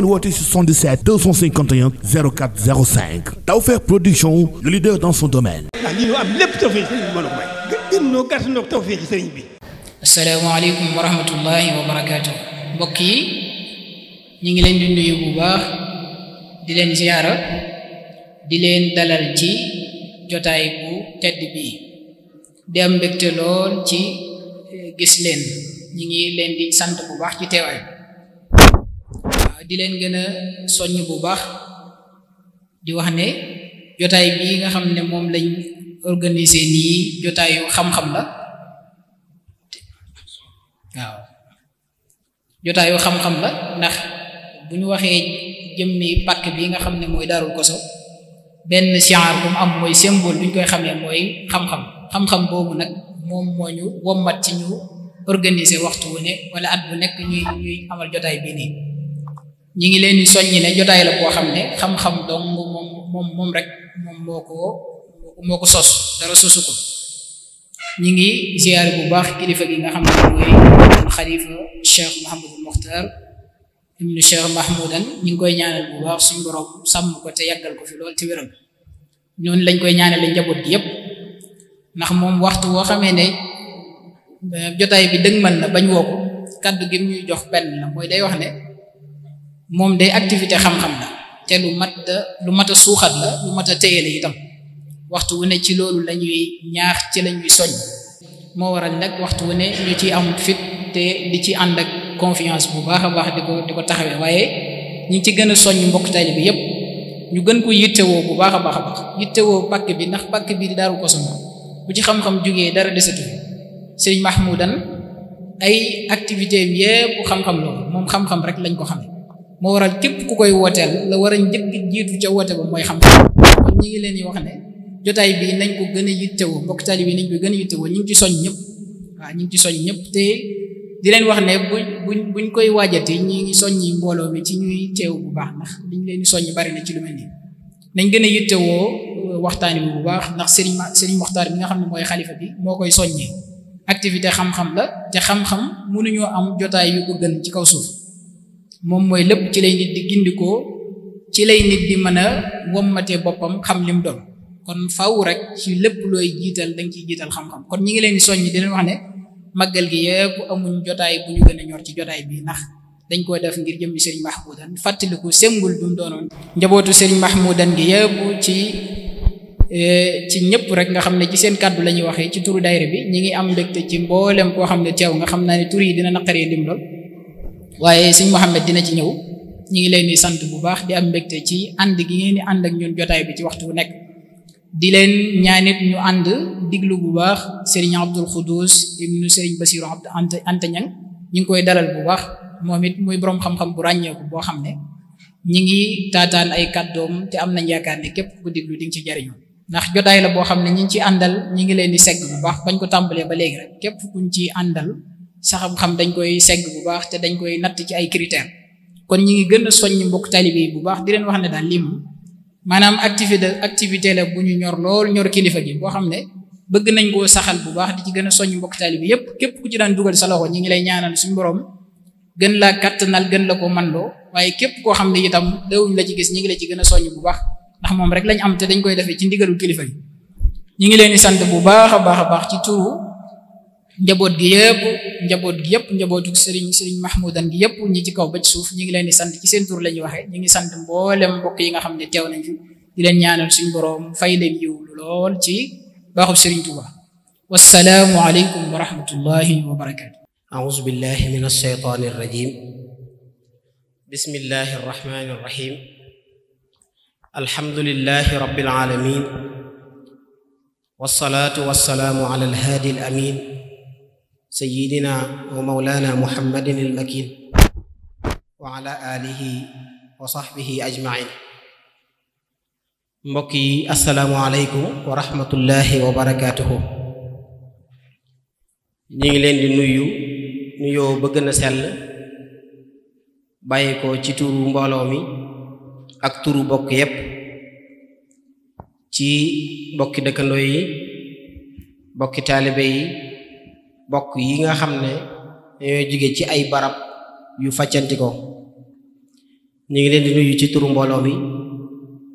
ngeen woote si 77 251 04 05 Tawfekh Production le leader dans son domaine. ah lii am lépp tawfeex ci sëriñ bi mën a may. gën mbokk yi ñu ngi leen di nuyu bu baax di leen ziyaara di leen dalal ci jotaay bu tedd bii di am mbégte lool ci eh, gis leen ñu ngi leen di sant bu baax ci teewaay. di leen gën a soññ bu baax di wax ne jotaay bii nga xam ne moom lañ organiser nii jotaayu xam-xam la waaw jotaayu la ndax bu ñu waxee jëmmi pàkk bi nga xam ne mooy daru Koso benn siyaar bu am mooy symbole bi ñu koy xamee mooy xam-xam xam-xam boobu nag moom moo ñu wommat ci ñu organiser waxtu wu ne wala at bu nekk ñuy ñuy amal jotaay bii nii ñi ngi leen di soññi ne jotaay la boo xam ne xam-xam dong moom moom moom rek moom moo ko moo ko sos dara sosu ko ñi ngi ziyaare bu baax kilifa gi nga xam ne mooy xalifa Cheikh Mouhamadul Mokhtar ñi ngi koy ñaanal bu baax suñu borom sàmm ko te yàggal ko fi lool te wéral noonu lañ koy ñaanale njaboot gi yépp ndax moom waxtu woo xamee ne eh, jotaay bi dëgmal na bañ woo ko kaddu gi mu ñuy jox benn mooy day wax ne moom day activité xam-xam la te lu mat lu mat a suuxat la lu mat a téye la itam waxtu wu ne ci loolu lañuy ñuy ñaax ci la ñuy moo waral nag waxtu wu ne ñu ciy amut fit te di ci ànd ak confiance bu baax a baax di ko di ko taxawee waaye ñi ci gën a soñ mbokk taalibe bi yépp ñu gën ko yittewoo bu baax a baax a baax yittewoo pàkk bi ndax pakk bi di Daaru Kosum bu ci xam-xam jógee dara desatu sëriñ Mahmoudan ay activité am yépp xam-xam loolu moom xam-xam rek lañ ko xame moo waral képp ku koy wooteel la war a njëkk jiitu ca woote ba mooy xam kon ñi ngi leen di wax ne jotaay bii nañ ko gën a yittewoo mbokk taali bi nañ ko gën a yittewoo ñu ngi ci soñ ñëpp waaw ñu ngi ci soñ ñëpp te di leen wax ne buñ buñ buñ koy waajate ñi ngi soññi mbooloo mi ci ñuy teew bu baax ndax liñ leen soñ soññi bari ci lu mel nii nañ gën a yittewoo euh, waxtaan bi bu baax ndax sëriñ sëriñ Muxtaar bi nga xam ne mooy xalifa bi moo koy soñ soññi activité xam-xam la te xam-xam mënuñoo am jotaay yu ko gën ci kaw suuf moom mooy lépp ci lay nit di gindikoo ci lay nit di mën a wommatee boppam xam lim doon kon faw rek ci lépp looy jiital danga ciy jiital xam-xam kon ñi ngi leen di soññi di wax ne màggal gi yëpp amuñ jotaay bu ñu gën a ñor ci jotaay bi ndax dañ koy def ngir jëm sëriñ Mahmoudan fàttaliku sengul bu mu doonoon njabootu sëriñ Mahmoudan gi yëpp ci eh, ci ñëpp rek nga xam ne ci seen kaddu la ñuy waxee ci turu daayira bi ñi ngi am mbégte ci mboolem koo xam ne teew nga xam naa ne tur yi dina naqaree lim lool waaye sëñ Mouhamed dina ci ñëw ñu ngi leen di sant bu baax di am mbégte ci ànd gi ngeen di ànd ak ñun jotaay bi ci waxtu bu nekk di leen ñaanit ñu ànd diglu bu baax sëriñ Abdul Xudus ibnu sëriñ Basiru Abdu Anta Ñang ñu ngi koy dalal bu baax moom it muy boroom xam-xam bu ràññeeku boo xam ne ñi ngi taataan ay kàddoom te am nañ yaakaar ne képp ku diglu di nga ci jariñu ndax jotaay la boo xam ne ñi ngi ci àndal ñi ngi leen di segg bu baax bañ ko tàmbalee ba léegi rek képp kuñ ci àndal sa xam-xam dañ koy segg bu baax te dañ koy natt ci ay critères kon ñi ngi gën a soññ mbokk taalibe bu baax di leen wax ne daal lii moom maanaam activité activité la bu ñu ñor lool ñor kilifa gi boo xam ne bëgg nañ koo saxal bu baax di ci gën a soññ mbokk taalibe yépp képp ku ci daan dugal sa loxo ñi ngi lay ñaanal suñu borom gën laa kattanal gën la ko man loo waaye képp koo xam ne itam dawuñ la ci gis ñi ngi la ci gën a soññ bu baax ndax moom rek lañ am te dañ koy defee ci ndigalul kilifa gi ñi ngi leen sant bu baax a baax a baax njaboot gi yëpp boot gi yëpp njabootu sëriñ sëriñ mahmudan gi yëpp ñi ci kaw ba ci suuf ñi ngi leen di sant ci seen tur la ñuy waxee ñi ngi sant mboolem mbokk yi nga xam ne teew nañ fi di leen ñaanal suñ boroom fay leen yiw lool ci baaxub sëriñ Tuuba wassalaamu aleykum wa rahmatullahi wa barakaatu auzu billahi min alsheytaani arrajim bismillahi arrahmani arrahim alhamdulillahi rabbil alamin sayyidina wa mawlana muhammadin al-makin wa ala alihi wa sahbihi ajmain mbokk yi assalaamu aleykum wa rahmatullahi wa barakaatuhu ñu ngi leen di nuyu nuyoo ba gën a sell bàyyi ci turu mbooloo mi ak turu bokk yépp ci bokki dëkkandoo yi bokki taalibe bokk yi nga xam ne dañoo jóge ci ay barab yu faccanti ko ñu ngi leen di nuyu ci turu mbooloo bi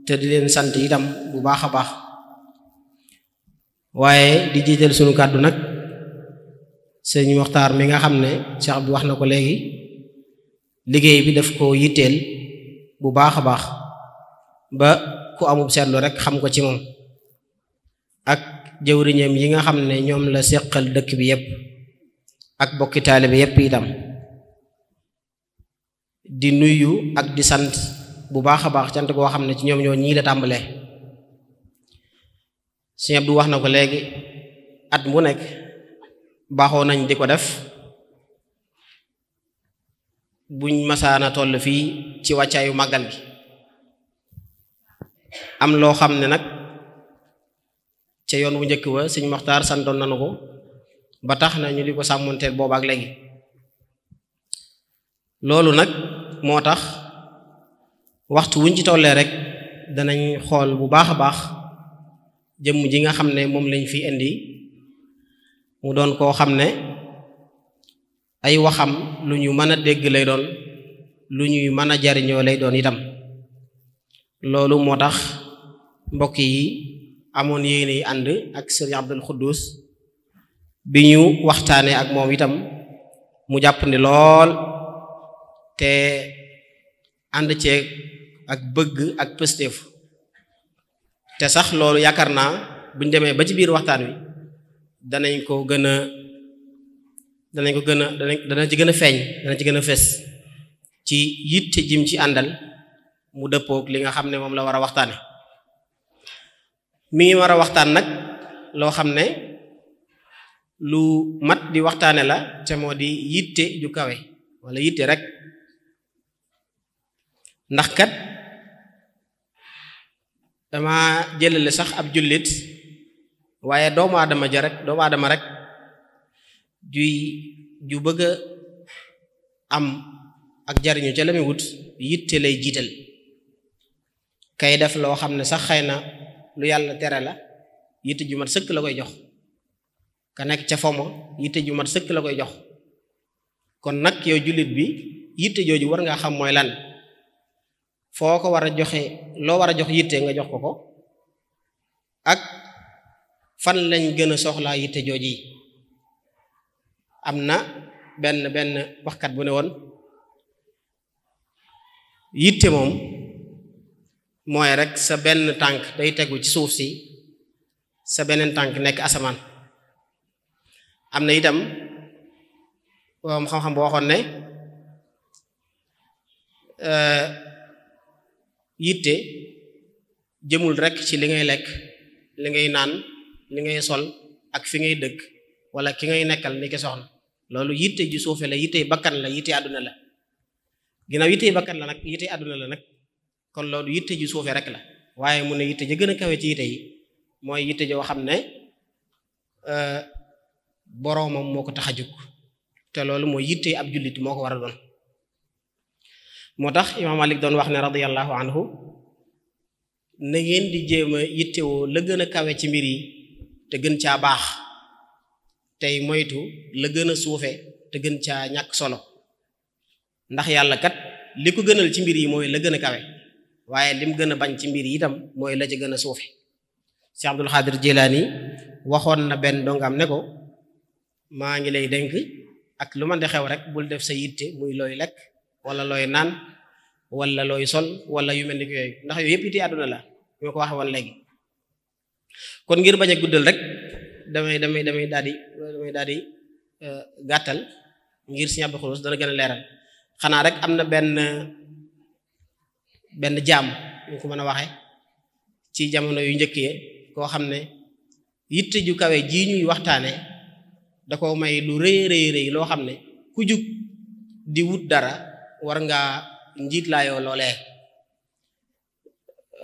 te di leen sant itam bu baax a baax waaye di jiital sunu kàddu nag sëñ Moxtaar mi nga xam ne Cheikh bi wax na ko léegi liggéey bi def ko yitteel bu baax a baax ba ku amub seetlu rek xam ko ci moom ak jëwriñam yi nga xam ne ñoom la seqal dëkk bi yépp ak bokki taalibe yépp itam di nuyu ak di sant bu baax a baax cant koo xam ne ci ñoom ñoo ñii la tàmbale Sëñ Abdu wax na ko léegi at mu nekk baaxoo nañ di ko def buñ a toll fii ci wàccaayu màggal gi am loo xam ne nag ca yoon wu njëkk wa sëñ Moxtaar santoon nanu ko ba tax na ñu di ko sàmmonteel boobaak léegi loolu nag moo tax waxtu wuñ ci tollee rek danañ xool bu baax a baax jëmm ji nga xam ne moom lañ fi indi mu doon koo xam ne ay waxam lu ñu mën a dégg lay doon lu ñuy mën a jariñoo lay doon itam loolu moo tax mbokk yi amoon yéene yi ànd ak sëriñ Abdul Xuddus bi ñu waxtaanee ak moom itam mu jàpp jàppandi lool te ànd ceeg ak bëgg ak pëstéef te sax loolu yaakaar naa buñ demee ba ci biir waxtaan wi danañ ko gën a danañ ko gën a danañ dana ci gën a feeñ dana ci gën a fes ci yitte jim ci àndal mu dëppook li nga xam ne moom la war a waxtaane mi ngi war a waxtaan nag loo xam ne lu mat di waxtaane la te moo di yitte ju kawe wala yitte rek ndax kat dama jëlale sax ab jullit waaye doomu aadama ja rek doomu aadama rek juy ju bëgg a am ak jariñu ca la wut yitte lay jiital kay def loo xam ne sax xëy na lu yàlla tere la yitte ju mat sëkk la koy jox ka nekk ca fomo yitte ju mat sëkk la koy jox kon nag yow jullit bi yitte jooju war ngaa xam mooy lan foo ko war a joxe loo war a jox yitte nga jox ko ko ak fan lañ gën a soxlaa yitte jooji am na benn benn waxkat bu ne woon yitte moom mooy rek sa benn tànk day tegu ci suuf si sa beneen tànk nekk asamaan am na itam borom xam-xam bu waxoon ne euh, yitte jëmul rek ci li ngay lekk li ngay naan li ngay sol ak fi ngay dëkk wala ki ngay nekkal ni ki soxna loolu yitte ju suufe la yitte bakkan la yitte àdduna la ginnaaw yitte bakkan la nag yitte àdduna la nag kon loolu yitte ji suufe rek la waaye mu a yitte ji gën a kawe ci yitte yi mooy yitte joo xam ne euh, boroomam moo ko tax a jóg te loolu mooy yitte ab jullit moo ko war a doon moo tax imaam Malik doon wax ne radiyallahu anhu na ngeen di jéem a yittewoo la gën a kawe ci mbir yi te gën caa baax tey moytu la gën a suufe te gën caa ñàkk solo ndax yàlla kat li ko gënal ci mbir yi mooy la gën a kawe waaye lim gën a bañ ci mbir yi itam mooy la ci gën soofi suufe Cheikh Abdul Xaadir Jilaani waxoon na benn dongam ne ko maa ngi lay denk ak lu man di xew rek bul def sa yitte muy looy lekk wala looy naan walla looy sol wala yu mel ni ndax yooyu yëpp itti àdduna la ñu ko waxe woon léegi kon ngir bañ a guddal rek damay damay damay daal di daal di euh, gàttal ngir si Abdou Xudoos dana gën leeral xanaa rek am na benn benn jaam ñu ko mën a waxe ci jamono yu njëkkee koo xam ne yitte ju kawe jii ñuy waxtaane da may lu rëy rëy rëy loo xam ne ku jug di wut dara war ngaa njiit laayoo loolee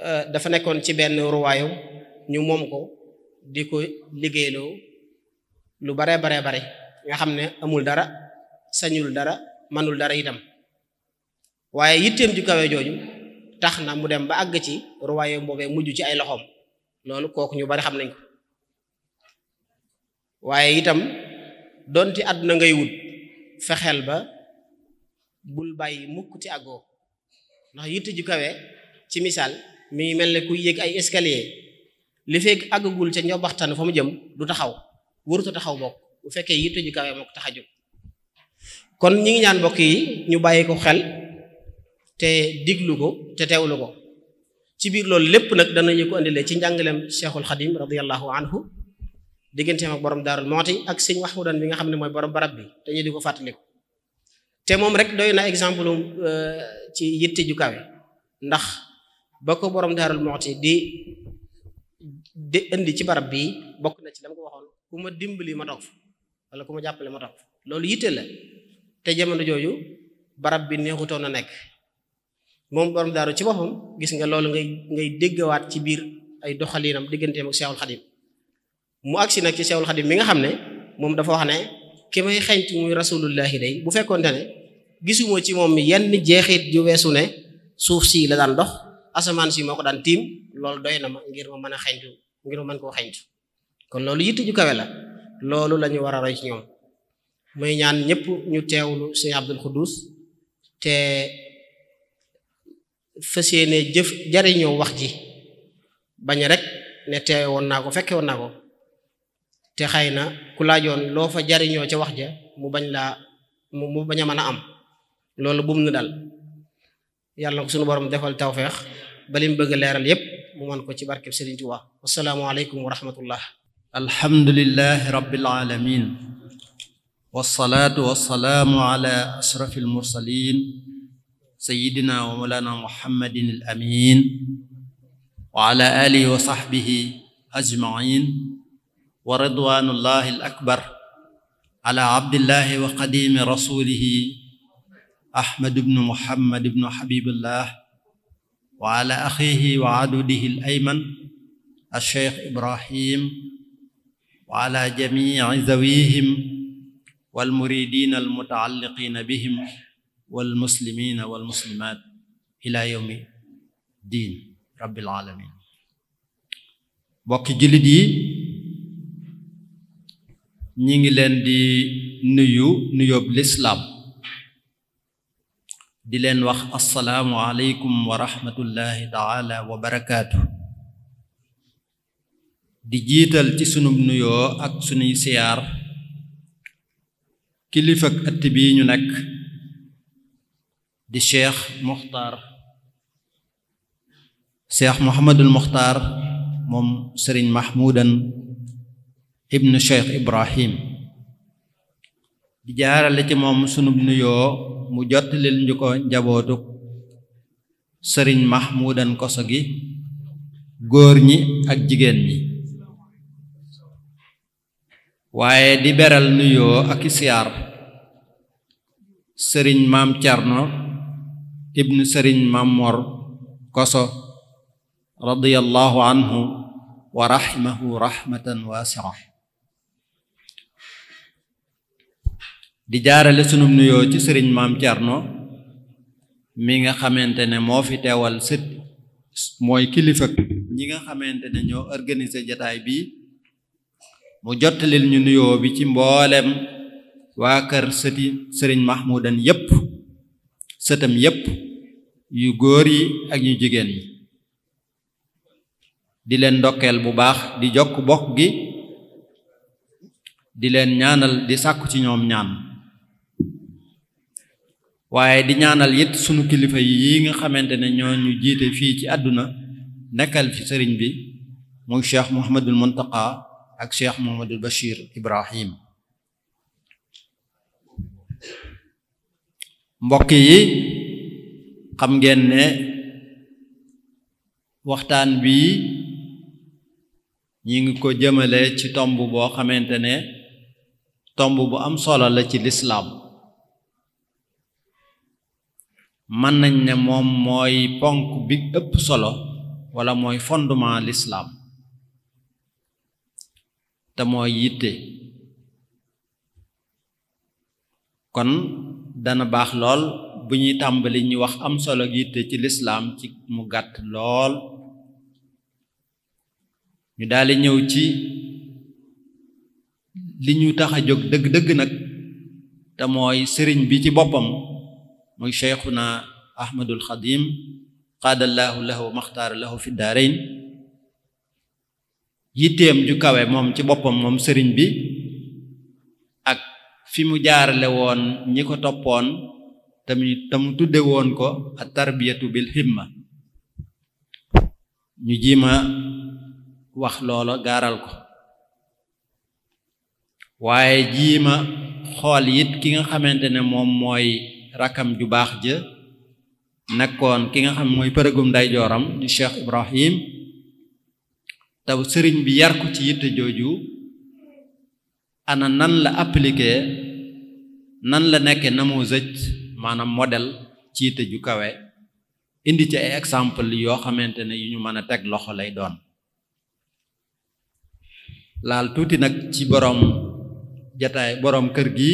euh, dafa nekkoon ci benn ruwaayu ñu moom ko di ko liggéeyloo lu bare bare bare nga xam ne amul dara sañul dara manul dara itam waaye yitteem ju kawe jooju tax na mu dem ba àgg ci royaume boobee mujj ci ay loxoom loolu kooku ñu bari xam nañ ko waaye itam donti àdduna ngay wut fexeel ba bul bàyyi mukk ci àggoo ndax yitt ju kawe ci misaal mi ngi mel ne kuy yéeg ay escalier li fekk àggagul ca njobaxtan fa mu jëm du taxaw waruta taxaw bokk bu fekkee yitt ju kawe moo tax a jóg kon ñi ngi ñaan mbokk ñu bàyyi ko xel te diglu ko te teewlu ko ci biir loolu lépp nag danañu ko indile ci njàngaleem cheikhul xadim radiallahu anhu digganteem ak borom daarul mooti ak sëñ waxudan bi nga xam ne mooy borom barab bi dañu di ko fàttaliku te moom rek doy na exemple euh, ci yitte ndax ba ko borom daarul mooti di indi ci barab bi bokk na ci dama ko waxoon ku ma dimbali ma toog fa wala ku ma jàppale ma toog loolu yitte te jamono jooju barab bi neexutoon na nekk moom borom daaru ci boppam gis nga loolu ngay ngay déggawaat ci biir ay doxaliinam digganteem ak Seexul Xadim mu agsi nag ci Seexul Xadim mi nga xam ne moom dafa wax ne ki may xeñtu muy rasulullahi day bu fekkoonte ne gisuma ci moom mi yenn jeexit ju weesu ne suuf si la daan dox asamaan si moo ko daan tiim loolu doy na ma ngir ma mën a xeñtu ngir ma mën koo xeñtu kon loolu yitte ju kawe la loolu la war a roy ci ñoom muy ñaan ñëpp ñu teewlu Sëñ Abdul Xuddus te fas yéene jëf jariñoo wax ji bañ rek ne teewe woon naa ko fekke woon naa ko te xëy na ku laajoon loo fa jariñoo ca wax ja mu bañ la mu bañ a mën a am loolu bum nu dal yàlla na ko suñu borom defal tawfeex ba li mu bëgg leeral yépp mu mën ko ci barkeb Sëriñ Tuubaa assalaamu aleykum wa rahmatullah alhamdulillahi rabbil alamin wassalaatu wassalaamu ala ashrafil mursalin sayyidina wa mawlana muhammadin al amin wa ala alihi wa sahbihi ajmain wa ridwanullahi al akbar ala abdillahi wa qadimi rasulihi ahmad ibn muhammad ibn habibillah wa ala akhihi wa adudihi al ayman al sheikh ibrahim wa ala jamii zawihim wal muridin al mutaalliqin bihim walmuslimina walmuslimat ila yawmi diin rabbil alamin mbokki jullit yi ñi ngi leen di nuyu nuyób lislaam di leen wax assalaamu aleykum wa rahmatullahi wa barakaatu di jiital ci sunub nuyoo ak sunuy siyaar kilifak ëtt bii ñu di cheikh muxtaar cheikh mohamadul muxtaar moom sëriñ mahmudan ibnu cheikh ibrahim di jaarale ci moom sunub nuyoo mu jot ñu ko njabootu sëriñ mahmudan koso gi góor ñi ak jigéen ñi waaye di beral nuyoo ak siyaar sëriñ maam Cerno ibnu sëriñ Mamor Koso radiyallahu anhu wa di jaarale sunum nuyoo ci sëriñ maam Cerno mi nga xamante ne moo fi teewal sët mooy kilifa ñi nga xamante ne ñoo organisé jataay bi mu jottalil ñu nuyoo bi ci mboolem waa kër sëti sëriñ Mahmoudan yépp sëtam yépp yu góor yi ak yu jigéen ñi di leen ndokkeel bu baax di jokk bokk gi di leen ñaanal di sàkku ci ñoom ñaan waaye di ñaanal it sunu kilifa yi nga xamante ne ñoo ñu jiite fii ci àdduna nekkal ci sëriñ bi muy cheikh Mouhamadul Muntaqa ak cheikh Mouhamadul Bachir Ibrahim mbokk yi xam ngeen ne waxtaan bi ñu ngi ko jëmale ci tomb boo xamante ne tomb bu am solo la ci lislaam mën nañ ne moom mooy ponk bi ëpp solo wala mooy fondement lislaam te mooy yitte kon dana baax lool bu ñuy tàmbali ñu wax am solo yitte ci lislaam ci mu gàtt lool ñu daldi ñëw ci li ñu tax a jóg dëgg-dëgg nag te mooy sëriñ bi ci boppam muy cheikhuna ahmadul xadim qaadallaahu lahu maxtaara lahu fi daarayn yitteem ju kawe moom ci boppam moom sëriñ bi fi mu jaarale woon ñi ko toppoon tamit tamu tudde woon ko a tarbiyatu bil himma ñu jiima wax loola gaaral ko waaye jiima xool it ki nga xamante ne moom mooy rakkam ju baax jë nekkoon ki nga xam mooy përëgum ndeyjooram di Cheikh Ibrahim taw sëriñ bi yar ko ci yitte jooju ana nan la appliqué nan la nekke namoosëj maanaam modèle ciite ju kawe indi ci ay exemple yoo xamante ne yu ñu mën a teg loxo lay doon laal tuuti nag ci boroom jataay boroom kër gi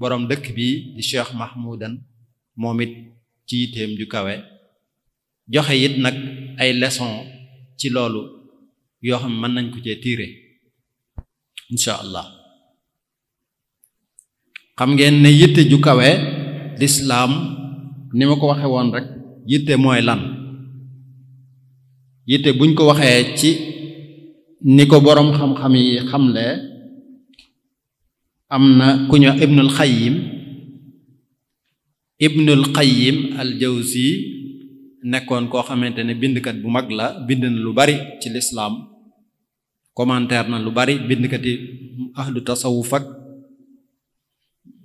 boroom dëkk bi di Cheikh Mahmoudan moom it ci yiteem ju kawe joxe it nag ay leçon ci loolu yoo xam mën nañ ko cee tiire incha allah xam ngeen ne yitte ju kawe lislaam ni ma ko waxee woon rek yitte mooy lan yitte buñ ko waxee ci ni ko boroom xam-xam yi xamle am na ku ñu ibnul xayim ibnul xayim al jawzi nekkoon koo xamante ne bindkat bu mag la bind na lu bari ci lislaam commentaire na lu bari bindkat yi ahlu tasawuf ak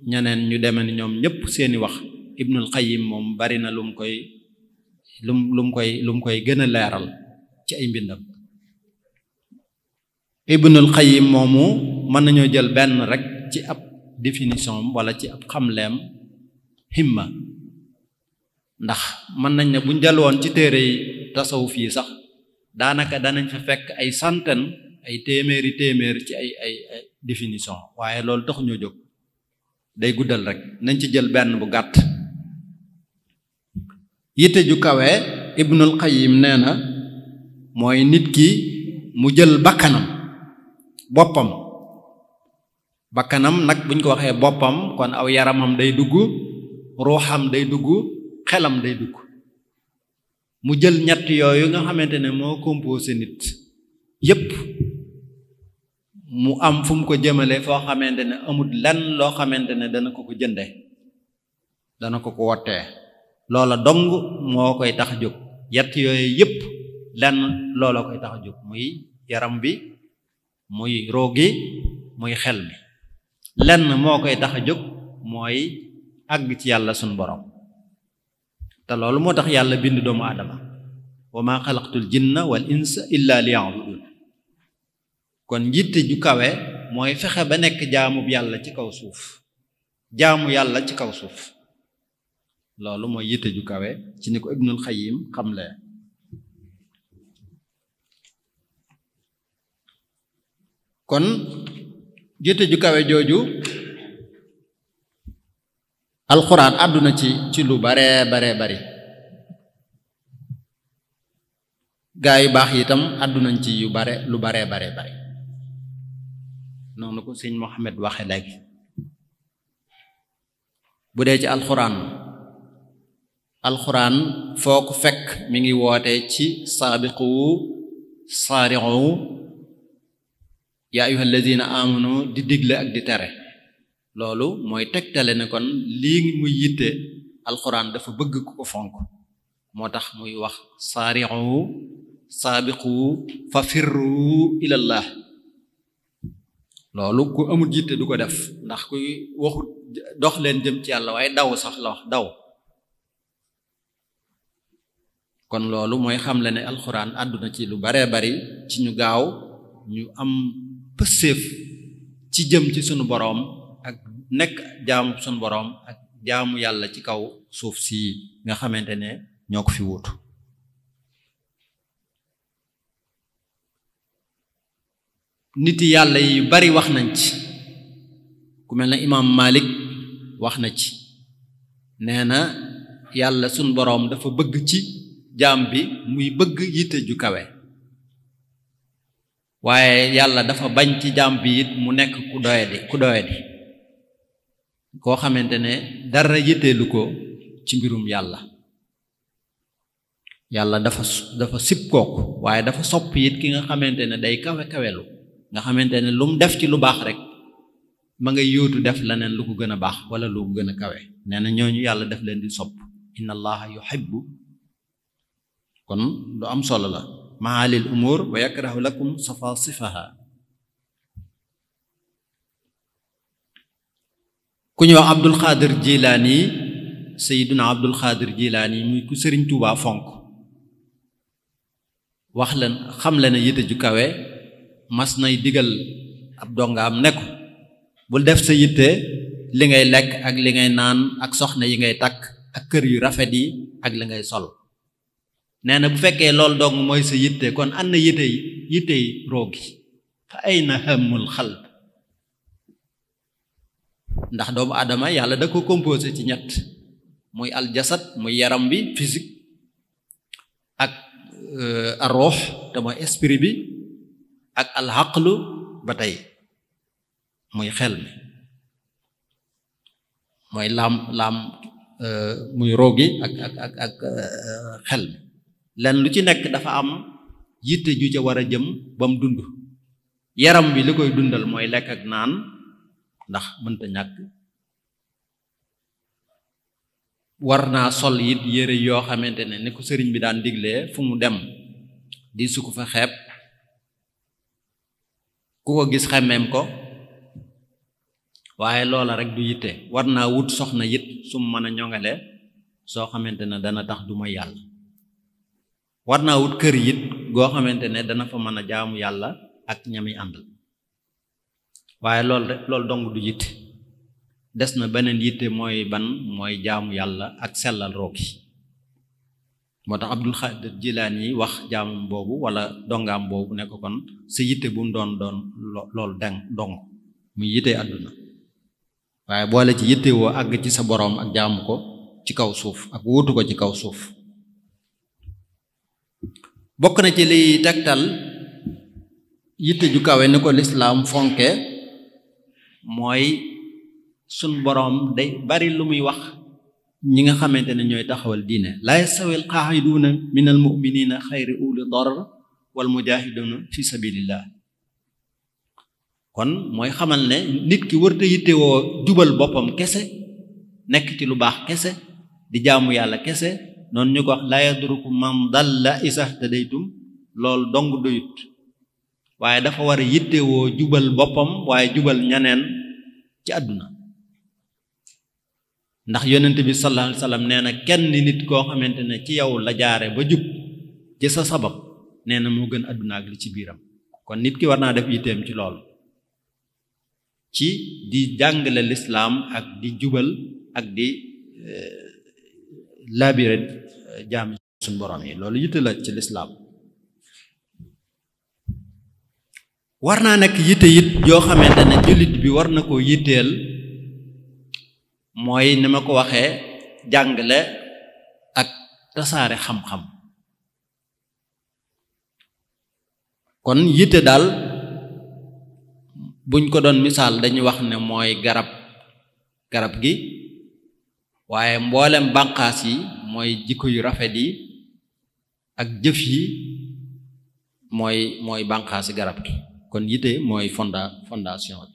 ñeneen ñu deme ni ñoom ñëpp seeni wax Ibnul Qayyim moom bari na lu koy lu koy lum koy gën a leeral ci ay mbindam Ibnul Qayyim moomu mën nañoo jël benn rekk ci ab définition walla ci ab xamleem himma ndax mën nañ ne buñ jël woon ci téere yi tasawuf yi sax daanaka danañ fa fekk ay centaine ay téeméeri téeméer ci ay ay définition waaye loolu tax ñoo jóg day guddal rek nañ ci jël benn bu gàtt yitte ju kawee ibnul qayyim nee na mooy nit ki mu jël bakkanam boppam bakkanam nag buñ ko waxee boppam kon aw yaramam day dugg ruuxam day dugg xelam day dugg mu jël ñett yooyu nga xamante ne moo composé nit yépp mu am fu mu ko jëmalee foo xamante ne amut lenn loo xamante ne dana ko ko jënde dana ko ko wottee loola dong moo koy tax jóg yett yooyu yëpp lenn loola koy tax jóg muy yaram bi muy roog gi muy xel lenn moo koy tax a jóg mooy àgg ci yàlla sunu borom te loolu moo tax yàlla bind doomu aadama wa ma xalaqtul jinna wal insa illa liya'budun kon njitte ju kawe mooy fexe ba nekk jaamu yàlla ci kaw suuf jaamu yàlla ci kaw suuf loolu mooy yitte ju kawe ci ni ko ibnul xayim xamle kon yitte ju kawe jooju alxuraan àdduna ci ci lu baree baree bari gaa yu baax itam àddunañ ci yu bare lu baree baree bari noonu ko sëñ Mohamed waxe léegi bu dee ci alxuraan alxuraan foo ko fekk mu ngi woote ci saabiqu saariqu yaa ayuha alladina di digle ak di tere loolu mooy tegtale ne kon lii muy yitte alxuraan dafa bëgg ku ko fonk moo tax muy wax saariqu saabiqu fafirru ilallah loolu ku amul jiite du ko def ndax kuy waxut dox leen jëm ci yàlla waaye daw sax la wax daw kon loolu mooy xam le ne alxuraan àdduna ci lu baree bari ci ñu gaaw ñu am pëseef ci jëm ci sunu boroom ak nekk jaamu sunu boroom ak jaamu yàlla ci kaw suuf si nga xamante ne ñoo ko fi wuutu nit yàlla yu bari wax nañ ci ku mel ne imaam Malik wax na ci nee na yàlla sunu boroom dafa bëgg ci jaam bi muy bëgg yitte ju kawe waaye yàlla dafa bañ ci jaam bi it mu nekk ku doyadi ku koo xamante ne dara yitteelu ko ci mbirum yàlla yàlla dafa dafa sib kooku waaye dafa sopp it ki nga xamante ne day kawe kawelu nga xamante ne lu mu def ci lu baax rek ma ngay yóotu def leneen lu ko gën a baax wala lu ko gën a kawe nee na ñooñu yàlla def leen di sopp inna allaha yuhibbu kon lu am solo la maalil umur wa yakrahu lakum safasifaha ku ñu wax abdul xaadir jilaani sayiduna abdul xaadir jilaani muy ku sëriñ tuubaa fonk wax leen xam leen yite ju kawe mas nay digal ab dongaam ne ko bul def sa yitte li ngay lekk ak li ngay naan ak soxna yi ngay takk ak kër yu rafet yi ak li ngay sol nee na bu fekkee loolu dong mooy sa yitte kon an na yitte yi yitte yi ay na xamul xalb ndax doomu adama yàlla da ko composé ci ñett muy aljasad muy yaram bi physique ak euh, aroox te mooy esprit bi ak alxaqlu ba tey muy xel mi mooy laam laam euh, muy roogi ak ak ak euh, xel mi lenn lu ci nekk dafa am yitte ju ca war a jëm ba mu dund yaram bi li koy dundal mooy lekk ak naan ndax mënta ñàkk war naa sol yit yére yoo xamante ne ni ko sëriñ bi daan digle fu mu dem di su fa xeeb ku ko gis xemmeem ko waaye loola rek du yitte war naa wut soxna yit sum mën a ñoŋale soo xamante ne dana tax du ma yàlla war naa wut kër yit goo xamante ne dana fa mën a jaamu yàlla ak ñami àndal waaye loolu rek loolu dong du yitte des na beneen yitte mooy ban mooy jaamu yàlla ak sellal roogi moo tax Abdul Xaadir Jilaan yi wax jaamam boobu walla dongaam boobu ne ko kon sa yitte bu mu doon doon loolu dang dong muy yitte àdduna waaye boole ci yitte woo àgg ci sa boroom ak jaamu ko ci kaw suuf ak wuutu ko ci kaw suuf bokk na ci liy tegtal yitte ju kawe ni ko lislaam fonke mooy sun boroom day bari lu muy wax ñi nga xamante ne ñooy taxawal diine laa yastawi alqaaciduuna min almuminina xayri uli darar walmujaahiduuna fi sabilillah kon mooy xamal ne nit ki wërta yittewoo jubal boppam kese nekk ci lu baax kese di jaamu yàlla kese noonu ñu ko wax laa yadruku man dalla isahtadaytum loolu dong doyut waaye dafa war a yittewoo jubal boppam waaye jubal ñeneen ci àdduna ndax yonent bi sallallahu alayhi wasallam nee na kenn nit koo xamante ne ci yow la jaare ba jub ci sa sabab nee na moo gën àdduna ak li ci biiram kon nit ki war naa def yitteem ci loolu ci di jàngale lislaam ak di jubal ak di eh, labiré eh, jaam suñ yi loolu yitte la ci lislaam naa nekk yitte yit joo xamante ne jullit bi war na koo yitteel mooy ni ma ko waxee jàngale ak tasaare xam-xam kon yitte daal buñ ko doon misaal dañuy wax ne mooy garab garab gi waaye mboolem bànqaas yi mooy jikko yu rafet yi ak jëf yi mooy mooy bànqaasi garab gi kon yitte mooy fonda fondation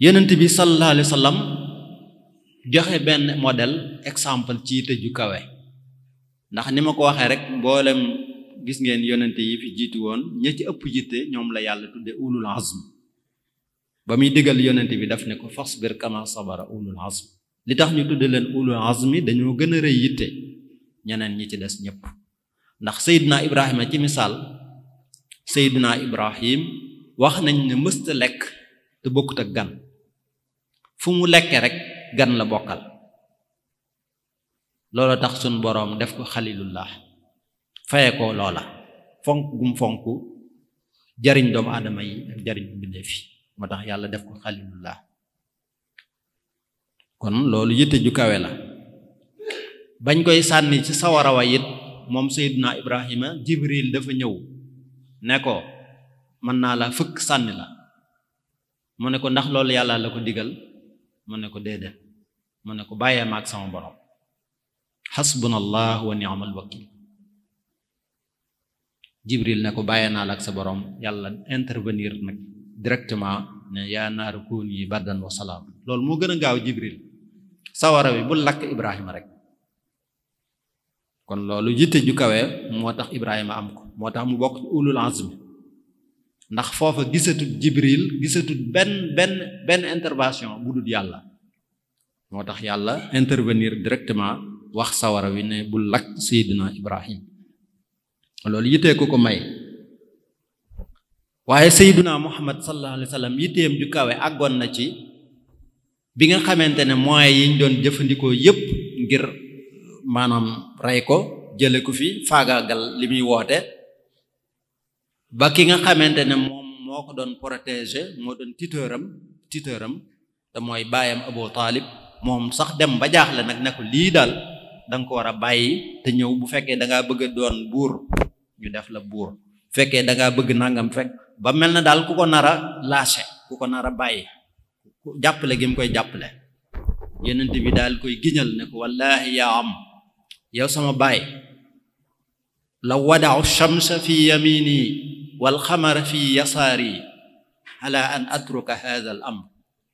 yonent bi sallallahu alayhi wa sallam joxe benn modèle exemple ci yitte ju kawe ndax ni ma ko waxee rek mboolem gis ngeen yonent yi fi jiitu woon ña ci ëpp yitte ñoom la yàlla tudde ulul azm ba muy digal yonent bi daf ne ko fasbir kama sabara ulul azm li tax ñu tudde leen ulul azmi dañoo gën a rëy yitte ñeneen ñi ci des ñëpp ndax naa ibrahima ci misaal naa ibrahim wax nañ ne mësta lekk te bokkut ak gan fu mu lekkee rek gan la bokkal loola tax sun boroom def ko xalilullah faye ko loola fonk gum fonk jariñ doomu aadama yi ak jariñ mbindeef yi moo tax yàlla def ko xalilullah kon loolu yitte ju kawe la bañ koy sànni ci sawara wa it moom Seydina Ibrahima Jibril dafa ñëw ne ko mën naa la fëkk sànni la mu ne ko ndax loolu yàlla la ko diggal mu ne ko déedéet mu ne ko bàyyee ma ak sama borom xasbunallah wa ni'mal wakil jibril ne ko bàyyee naa la ak sa boroom yàlla intervenir nag directement ne yaa naaru kuuni bardan wa salaam loolu moo gën a gaaw jibril sawara bi bu lakk ibrahima rek kon loolu jiite ju kawee moo tax ibrahima am ko moo tax mu bokk ci ulul ndax foofa gisatut jibril gisatut benn benn benn intervention bu dul yàlla moo tax yàlla intervenir directement wax sawara wi ne bu lakk seydina ibrahim loolu yitee ko ko may waaye seydina muhammad sallallahu alayhi wa sallam yiteem ju kawe àggoon na ci bi nga xamante ne moyens yi ñu doon jëfandikoo yépp ngir maanaam rey ko jële ko fi faagaagal li muy woote ba ki nga xamante ne moom moo ko doon protéger moo doon tuteuram tuteuram te mooy baayam Abu Taalib moom sax dem ba jaaxle nag ne ko lii daal danga ko war a bàyyi te ñëw bu fekkee da ngaa bëgg a doon buur ñu def la buur bu fekkee da bëgg nangam fekk ba mel na daal ku ko nar a lâché ku ko nar a bàyyi jàppale gi mu koy jàppale yenent bi daal koy giñal ne ko wallaahi yaa am yow sama baay la wadau shamsa fi yamini wal xamara fi yi ala an atruka hadha al amr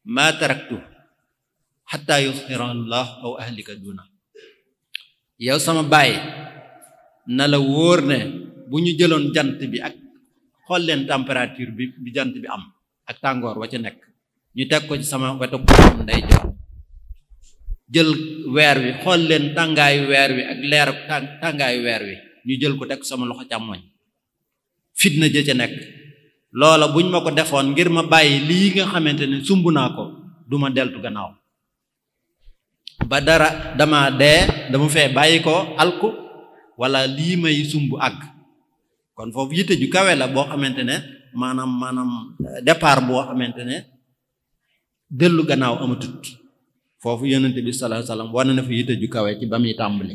ma taraktu xatta yusxira aw ahlika yow sama baay na la wóor ne bu ñu jëloon jant bi ak xool leen température bi jant bi am ak tàngoor wa ca nekk ñu teg ko ci sama wetu am nday joor jël weer wi xool leen tàngaayu weer wi ak leer tàngaayu weer wi ñu jël ko teg sama loxo càmmoñ fitna ja ca nekk loola buñ ma ko defoon ngir ma bàyyi lii nga xamante ne sumb naa ko duma ma deltu gannaaw ba dara dama dee dama fee bàyyi ko alku walla lii may sumb ak kon foofu yitte ju kawe la boo xamante ne maanaam maanaam euh, départ boo xamante ne dellu gannaaw amatut foofu yonent bi sallallahu alayhi wasallam wane na fa yitte ju ba muy tàmbali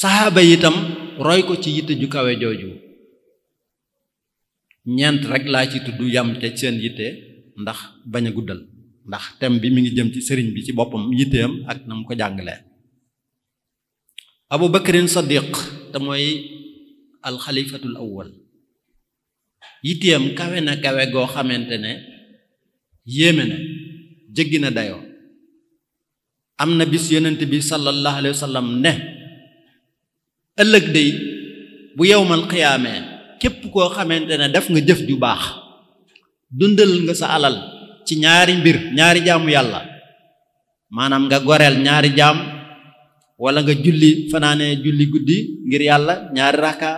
saxaaba roy ko ci yitte ju kawe jooju ñeent rek laa ci tudd yam te seen yitte ndax bañ a guddal ndax thème bi mi ngi jëm ci sëriñ bi ci boppam yitteem ak na mu ko jàngalee abu bakrin sadiq te mooy alxalifatul awwal yitteem kawe na kawe goo xamante ne yéeme na jéggi na dayoo am na bis yonent bi sallallahu alayhi wa ne ëllëg day bu yowmal xiyaamee képp koo xamante ne def nga jëf ju baax dundal nga sa alal ci ñaari mbir ñaari jaamu yàlla maanaam nga goreel ñaari jaam wala nga julli fanaane julli guddi ngir yàlla ñaari raka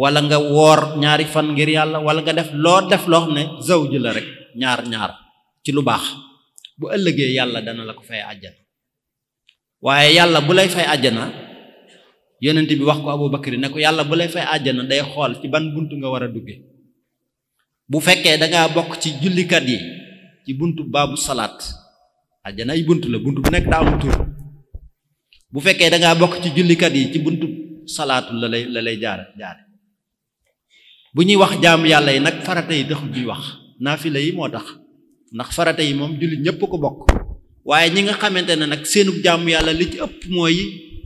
wala nga woor ñaari fan ngir yàlla wala nga def loo def loo xam ne zawju la rek ñaar ñaar ci lu baax bu ëllëgee yàlla dana la ko fay àjjana waaye yàlla bu lay fay àjjana yonent bi wax ko Abu Bakri ne ko yàlla bu lay fay àjjana day xool ci ban bunt nga war a dugge bu fekkee dangaa bokk ci jullikat yi ci buntu baabu salaat àjjana ay bunt la bunt bu nekk daa fekkee dangaa bokk ci jullikat yi ci buntu salaatu la lay la lay jaare jaare bu ñuy wax jaamu yàlla yi nag farata yi taxul ñuy wax naafila yi moo tax ndax farata yi moom jullit ñëpp ko bokk waaye ñi nga xamante ne nag seenu jàmm yàlla li ci ëpp mooy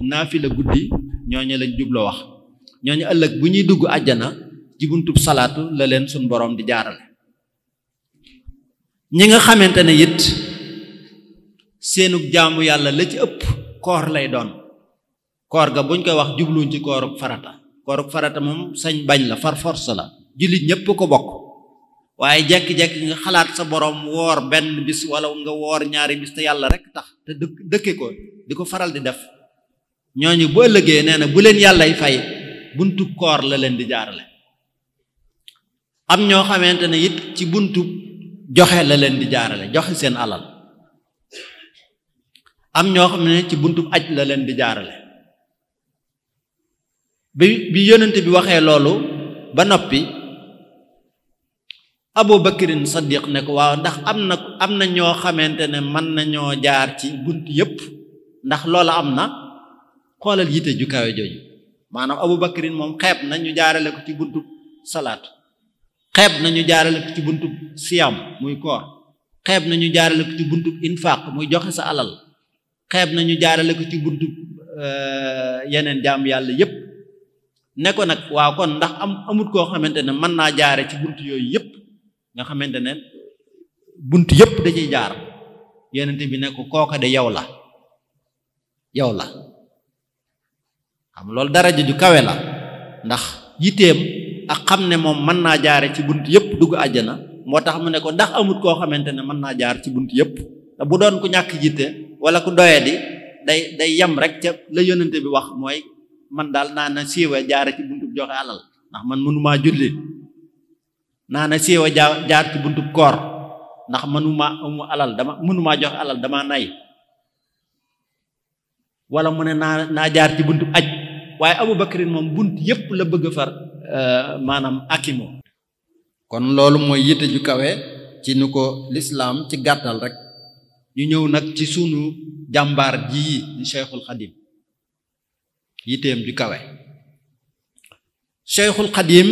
naafila guddi ñooñu lañ jubloo wax ñooñu ëllëg bu ñuy dugg àjjana ci buntub salaatu la leen suñ boroom di jaarale ñi nga xamante ne it seenug jaamu yàlla la ci ëpp koor lay doon koor ga buñ koy wax jubluñ ci koorug farata koorug farata moom sañ bañ la far force la jullit ñépp ko bokk waaye jekki-jekki nga xalaat sa boroom woor benn bis wala nga woor ñaari bis te yàlla rekk tax te dëkke ko di ko faral di def ñooñu bu ëllëgee nee na bu leen yàllay fay buntu koor la leen di jaarale am ñoo xamante ne it ci buntu joxe la leen di jaarale joxe seen alal am ñoo xam ne ci buntu aj la leen di jaarale bi bi yonent bi waxee loolu ba noppi Abu Bakrin Saddiq ne ko waaw ndax am na am na ñoo xamante ne mën nañoo jaar ci bunt yépp ndax loola am na xoolal yitte ju kawe maanaam maanaam abubakarin moom xeeb nañu jaarale ko ci buntu salaat xeeb nañu jaarale ko ci buntub siyam muy koor xeeb nañu jaarale ko ci buntub infaq muy joxe sa alal xeeb nañu jaarale ko ci buntub eh, yeneen jaam yàlla yépp ne nag waaw kon ndax am amut koo xamante ne mën naa jaare ci bunt yooyu yépp nga xamante ne bunt yépp da ciy jaar yenente bi ne ko kooka de yow la yow la xam loolu dara daraja ju kawe la ndax yiteem ak xam ne moom mën naa jaare ci bunt yëpp dugg àjjana moo tax mu ne ko ndax amut koo xamante ne mën naa jaar ci bunt yëpp bu doon ku ñàkk yitte wala ku doye di day day yem rek ca la yonente bi wax mooy man daal naa na siiwa jaare ci buntub joxe alal ndax man mënumaa julli naa na siiwa jaa jaar ci buntub koor ndax mënumaa amu alal dama mënumaa joxe alal dama nay wala mu ne naa naa jaar ci buntub aj waaye Aboubacarin moom bunt yépp la bëgg a far euh, maanaam akimoo kon loolu mooy yitte ju kawe ci nu ko lislaam ci gàttal rek ñu ñëw nag ci sunu jàmbaar ji di Cheikhul Xadim yitteem ju kawe Cheikhul Xadim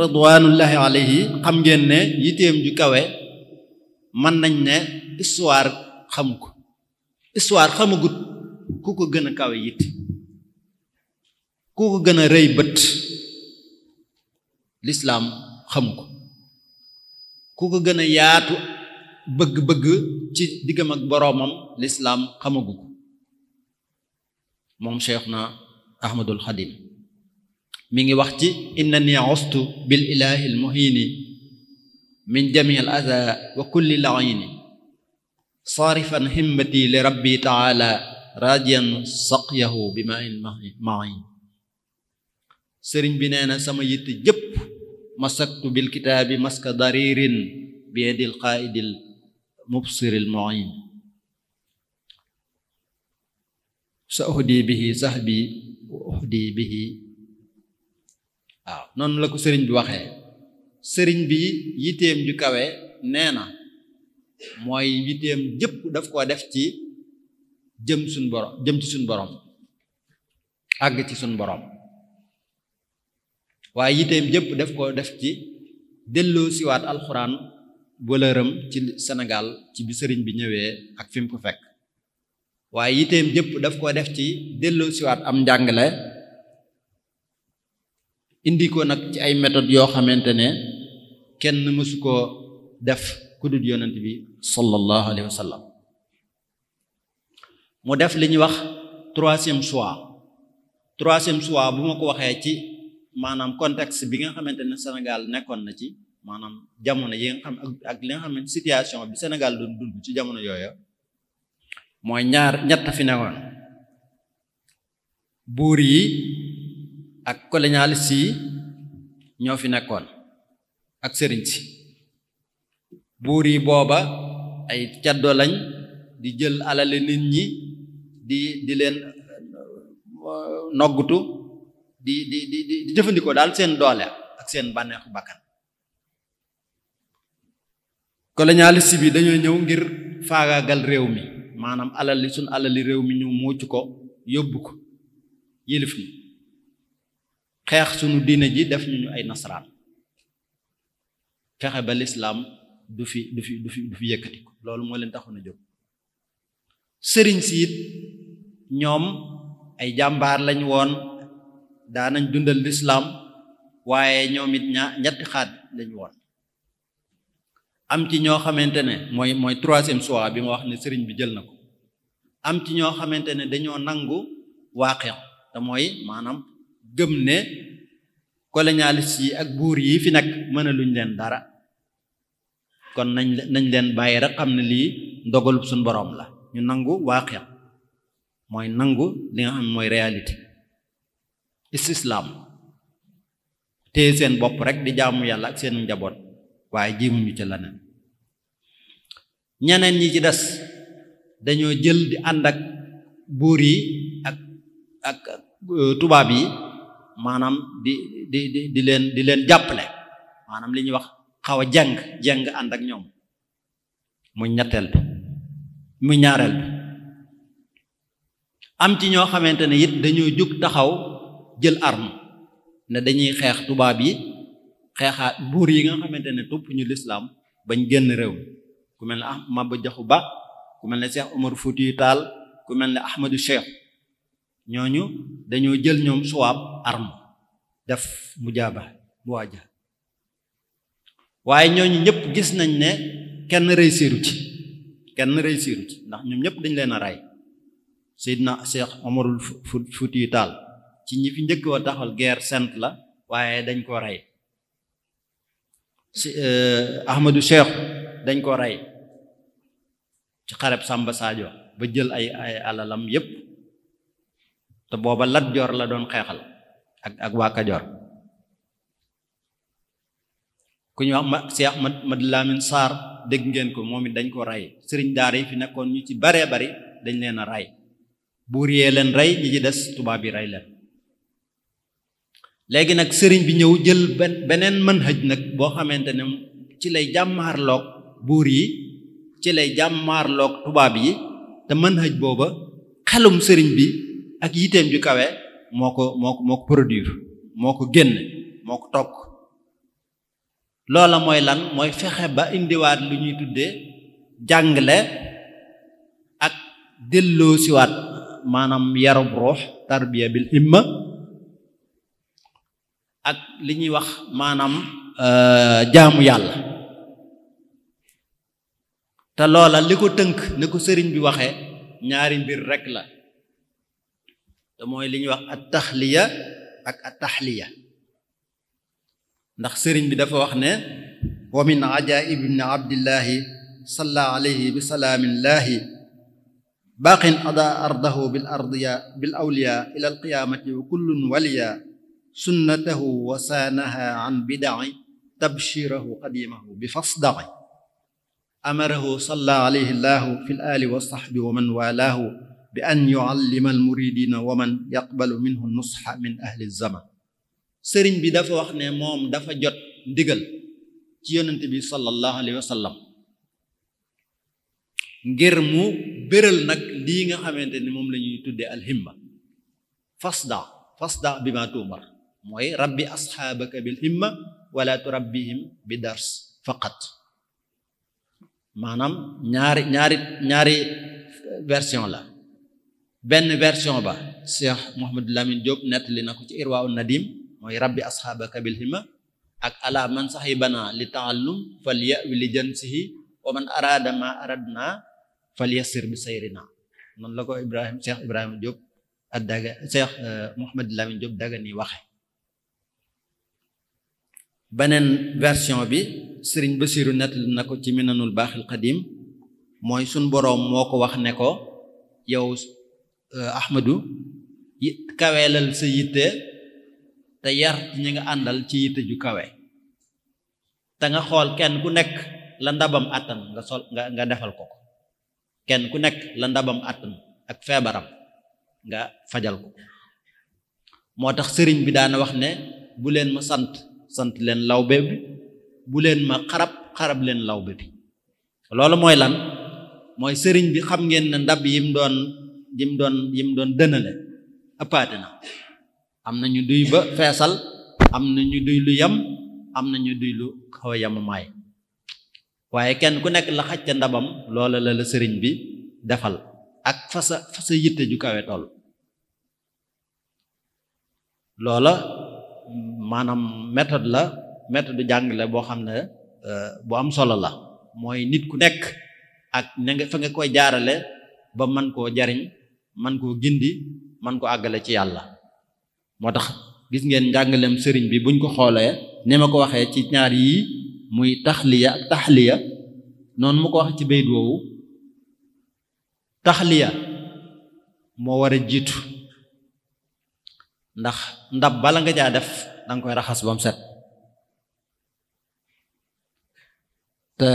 radwanullahi alayhi xam ngeen ne yitteem ju kawe mën nañ ne histoire xamu ko histoire xamagut ku ko gën a kawe yitte ku ko gën a rëy bët lislaam xamu ko ku ko gën a yaatu bëgg-bëgg ci diggam ak boroomam lislaam xamagu ko moom cheikh na ahmadul xadim mi ngi wax ci innani ostu bil ilahi al muhini min jami al adha wa kulli laini saarifan himmati li rabbi taala rajiyan saqyahu bi ma in mahin sëriñ bi nee na sama yitte jëpp masaktu bil kitaabi maska daririn bi yadil qaidil mubsiril muin sa uhdi bihi sahbi wa uhdi bihi waaw noonu la ko sëriñ bi waxee sëriñ bi yitteem ju kawe nee na mooy yitteem jëpp daf ko def ci jëm suñ borom jëm ci suñ borom àgg ci suñ borom waaye yiteem jëpp daf koo def ci delloo siwaat alxuraan bëlëram ci Sénégal ci bi sëriñ bi ñëwee ak fim mu ko fekk waaye yiteem jëpp daf koo def ci delloo siwaat am njàngale indi ko nag ci ay méthode yoo xamante ne kenn mësu koo def ku dul bi sallallahu alayhi wa mu def li wax troisième choix troisième choix bu ma ko waxee ci maanaam contexte bi nga xamante ne Sénégal nekkoon na ci maanaam jamono yi nga xam ak li nga xamante situation bi Sénégal doon dund ci jamono yooya mooy ñaar ñett fi nekkoon buur yi ak colonialiste yi ñoo fi nekkoon ak sëriñ si buur yi booba ay caddo lañ di jël alale nit ñi di di leen euh, noggutu di di di di jëfandikoo daal seen doole ak seen bànneexu bakkan colonialiste bi dañoo ñëw ngir faagaagal réew mi maanaam alal li suñ alali réew mi ñu muuc ko yóbbu ko yëlif ni xeex sunu diine ji def ñu ay nasaraan fexe ba lislaam du fi du fi du fi du fi yëkkati ko loolu moo leen taxoon a jóg sëriñ si ñoom ay jàmbaar lañu woon daanañ dundal lislaam waaye ñoom it ña ñetti xaaj lañu woon am ci ñoo xamante ne mooy mooy troisième choix bi ma wax ne sëriñ bi jël na ko am ci ñoo xamante ne dañoo nangu waaqe te mooy maanaam gëm ne colonialiste yi ak buur yi fi nag mën a luñ leen dara kon nañ nañ leen bàyyi rek am na lii ndogalub suñ boroom la ñu nangu waaqe mooy nangu li nga xam mooy réalité istislaam téye seen bopp rek di jaamu yàlla ak seenu njaboot waaye jéemuñu ci leneen ñeneen ñi ci des dañoo jël di ànd ak buur yi ak ak euh, tubaab yi maanaam di di di leen di leen jàppale maanaam li ñuy wax xaw a jàng jàng ànd ak ñoom muy ñetteel bi muy ñaareel bi am ci ñoo xamante ne it dañoo jóg taxaw jël arme ne dañuy xeex tubaab yi xeexaat buur yi nga xamante ne topp ñu lislaam bañ génn réew ku mel ni ah Maba Jaxu Ba ku mel ni Cheikh Omar Foutiyu Taal ku mel ni Ahmadou Cheikh ñooñu dañoo jël ñoom suwaab arme def mujaaba mu waaja waaye ñooñu ñëpp gis nañ ne kenn réussiru ci kenn réussiru ci ndax ñoom ñëpp dañ leen a rey Seydina Cheikh Omarul Foutiyu Taal ci ñi fi njëkk wa taxal guerre sainte la waaye dañ ko rey euh, Ahmadou Cheikh dañ koo rey ci xareb Samba Sadio ba jël ay ay alalam yépp te booba Lat Joor la doon xeexal ak ak waa ku ñu wax ma Cheikh laa Lamine Sarr dégg ngeen ko moom it dañ koo rey sëriñ daara yi fi nekkoon ñu ci baree bari dañ leen a rey buur yee leen rey ñi ci des tubaab yi rey leen léegi nag sëriñ bi ñëw jël beneen mën hëj nag boo xamante ne ci lay jàmmaarloog buur yi ci lay jàmmaarloog tubaab yi te mën hëj booba xelum sëriñ bi ak yiteem ju kawe moo ko moo ko moo ko produire moo ko génn moo ko togg loola mooy lan mooy fexe ba indiwaat lu ñuy tuddee jàngale ak delloo siwaat maanaam yarub ruux tarbiya bil himma ak li ñuy wax maanaam euh, jaamu yàlla te loola li ko tënk ne ko sëriñ bi waxe ñaari mbir rek la te mooy li wax at taxliya ak at taxliya ndax sëriñ bi dafa wax ne wa min ajaib ibni abdillahi salla alayhi bi salaamillahi baaqin ada ardahu bil ardiya ila alqiyaamati wa kullun waliya sunnatahu wa saanaha an bidaci tabshirahu qadimahu bi fasdaci amarahu salla alayhi llahu fi l ali wa saxbi wa man walaahu bi an yuallima almuridina wa man yaqbalu minhu nusxa min ahli zaman sëriñ bi dafa wax ne moom dafa jot ndigal ci yonent bi sallallahu alayhi wa sallam ngir mu béral nag lii nga xamante ni moom la ñuy tudde alhimma fasda fasda bi ma tuumar mooy rabbi asxaabaka bil himma wala turabbihim bi dars faqat maanaam ñaari ñaari ñaari version la benn version ba Cheikh Mouhamadou Lamine Diop nettali na ko ci irwaa un nadim mooy rabbi asxaabaka bil himma ak ala man saxibana li taallum fal yawi li jansihi wa man arada ma aradna fal bi sayrina noonu la ko Ibrahim Cheikh Ibrahima Diop ak daga Cheikh eh, Mouhamadou Lamine Diop daga ni waxe beneen version bi sëriñ Basiru nettali na ko ci minanul baaxil xadim mooy suñ boroom moo ko wax ne ko yow euh, Ahmadu kaweelal sa yitte te yar ñu nga àndal ci yitte ju kawee te nga xool kenn ku nekk la ndabam àttan nga sol nga nga defal ko ko kenn ku nekk la ndabam àttan ak feebaram nga fajal ko moo tax sëriñ bi daana wax ne bu ma sant sant leen lawbe bi bu leen ma xarab xarab leen lawbe bi loolu mooy lan mooy sëriñ bi xam ngeen ne ndab yim doon yim doon yim doon dënale ëppaate na am na ñu duy ba feesal am na ñu duy lu yam am na ñu duy lu xaw a yamumaay waaye kenn ku nekk la xaj ca ndabam loola la la sëriñ bi defal ak fasa fasa yitte ju kawe toll loola maanaam méthode la méthode jàngale boo xam ne euh, bu am solo la mooy nit ku nekk ak na nga fa nga koy jaarale ba mën koo jariñ mën koo gindi mën ko àggale ci yàlla moo tax gis ngeen njàngalem sëriñ bi buñ ko xoolee ni ma ko waxee ci ñaar yii muy taxliya ak taxliya noonu mu ko wax ci bayt woowu taxliya moo war a jiitu ndax ndab bala nga caa def danga koy raxas ba set te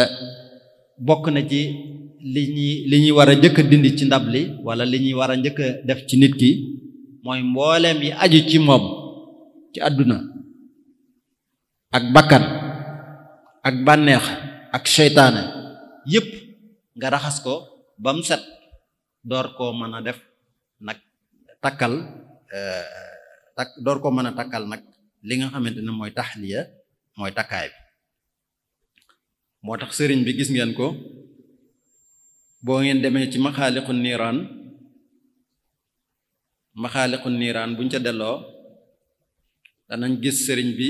bokk na ci li ñuy li ñuy war a njëkk a dindi ci ndab li wala li ñuy war a njëkk def ci nit ki mooy mbooleem yi aju ci moom ci àdduna ak bakkan ak bànneex ak seytaane yépp nga raxas ko ba mu set door koo mën a def nag takkal euh, tak door ko mën a takkal nag li nga xamante ne mooy taxliya mooy takkaay bi moo tax sëriñ bi gis ngeen ko boo ngeen demee ci maxaaliqu niiraan maxaaliqu niiraan buñ ca delloo danañ gis sëriñ bi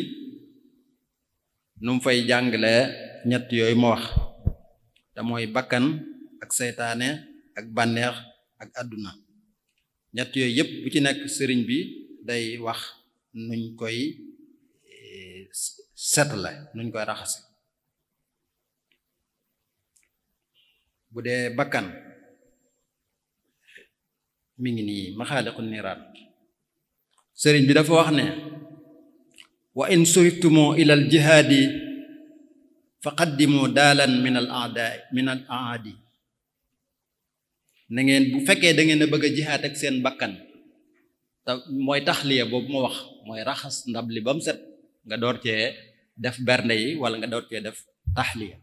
nu mu fay jàngalee ñett yooyu ma wax te mooy bakkan ak seytaane ak bànneex ak àdduna ñett yooyu yépp bu ci nekk sëriñ bi day wax nuñ koy set la nuñ koy raxas bu dee bakkan mi ngi nii maxaaliqu niiraan sëriñ bi dafa wax ne wa in suriftumoo ila al jihaadi fa qaddimu daalan min al min al aadi na ngeen bu fekkee da ngeen bëgg a jihaad ak seen bakkan te tax taxliya boobu ma wax mooy raxas ndab li ba mu set nga door cee def bernde yi wala nga doot cee def taxliya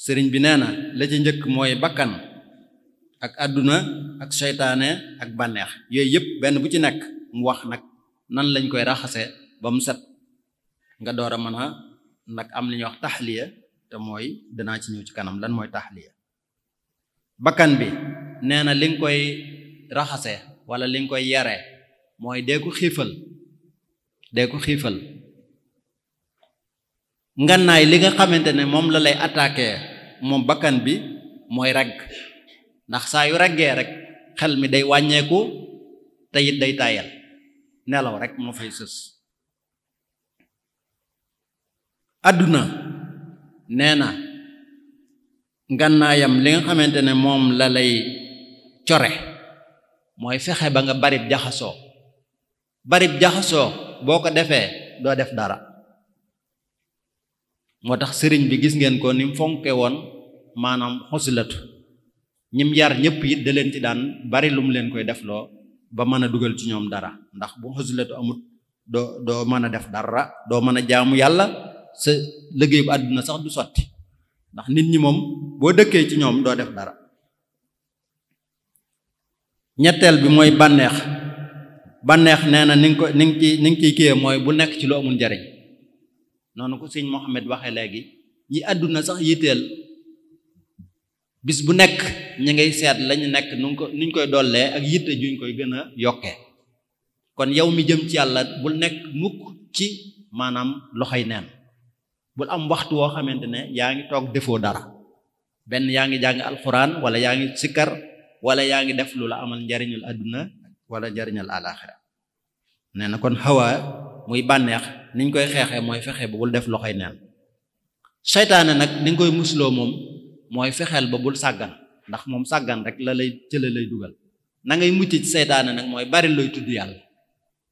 sëriñ bi nee na la ci njëkk mooy bakkan ak àdduna ak seytaane ak banneex yooyu yëpp benn bu ci nekk mu wax nag nan lañ koy raxase ba mu set nga door a mën a nag am li ñuy wax taxliya te mooy danaa ci ñëw ci kanam lan mooy taxliya bakkan bi nee na li nga koy raxase wala li nga koy yare mooy dee ko xiifal dee ko xiifal ngannaay li nga xamante ne moom la lay attaquer moom bakkan bi mooy ragg ndax saa yu raggee rek xel mi day wàññeeku te day tàyyal nelaw rek moo fay sës àdduna nee na ngannaayam li nga xamante ne moom la lay core mooy fexe ba nga bari jaxasoo barib jaxasoo boo ko defee doo def dara moo tax sëriñ bi gis ngeen ko ni mu fonke woon maanaam xosilatu ñim yar ñépp yit da leen ci daan bari lu mu leen koy def loo ba mën a dugal ci ñoom dara ndax bu xosilatu amut doo doo mën a def dara doo mën a jaamu yàlla sa liggéey bu àdduna sax du sotti ndax nit ñi moom boo dëkkee ci ñoom doo def dara ñetteel bi mooy bànneex bànneex nee na ni nga ko ni nga ci ni nga ciy kiyee mooy bu nekk ci lu amul njariñ noonu ko sëñ Mohamed waxee léegi ñi àdduna sax yitteel bis bu nekk ñi ngay seet lañu nekk nu ko nuñ koy dollee ak yitte juñ koy gën a yokkee kon yow mi jëm ci yàlla bul nekk mukk ci maanaam loxoy neen bul am waxtu woo xamante ne yaa ngi toog defoo dara benn yaa ngi jàng alxuraan wala yaa ngi sikkar wala yaa ngi def lu la amal njariñul àdduna wala njariñul àlaaxira nee kon xawaa muy bànneex niñ koy xeexee mooy fexee ba bul def loxoy neen seytaane nag ni koy musloo moom mooy fexeel ba bul sàggan ndax moom sàggan rek la lay cëla lay dugal na ngay mucc ci seytaane nag mooy bari looy tudd yàlla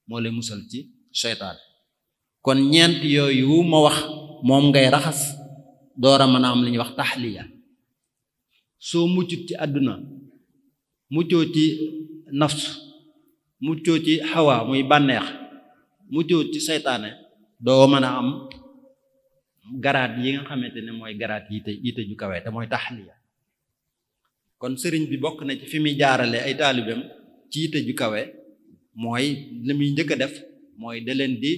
moo lay musal ci seytaane kon ñeent yooyu ma wax moom ngay raxas door a mën a am li ñuy wax taxliya soo muccut ci àdduna muccoo ci nafs muccoo ci xawa muy bànneex mujjoo ci seytaane doo mën a am garaad yi nga xamante ne mooy garaat yite te ju kawe te mooy tax taxliya kon sëriñ bi bokk na ci fi muy jaarale ay taalibeem ci yite ju kawe mooy li muy njëkk a def mooy da leen di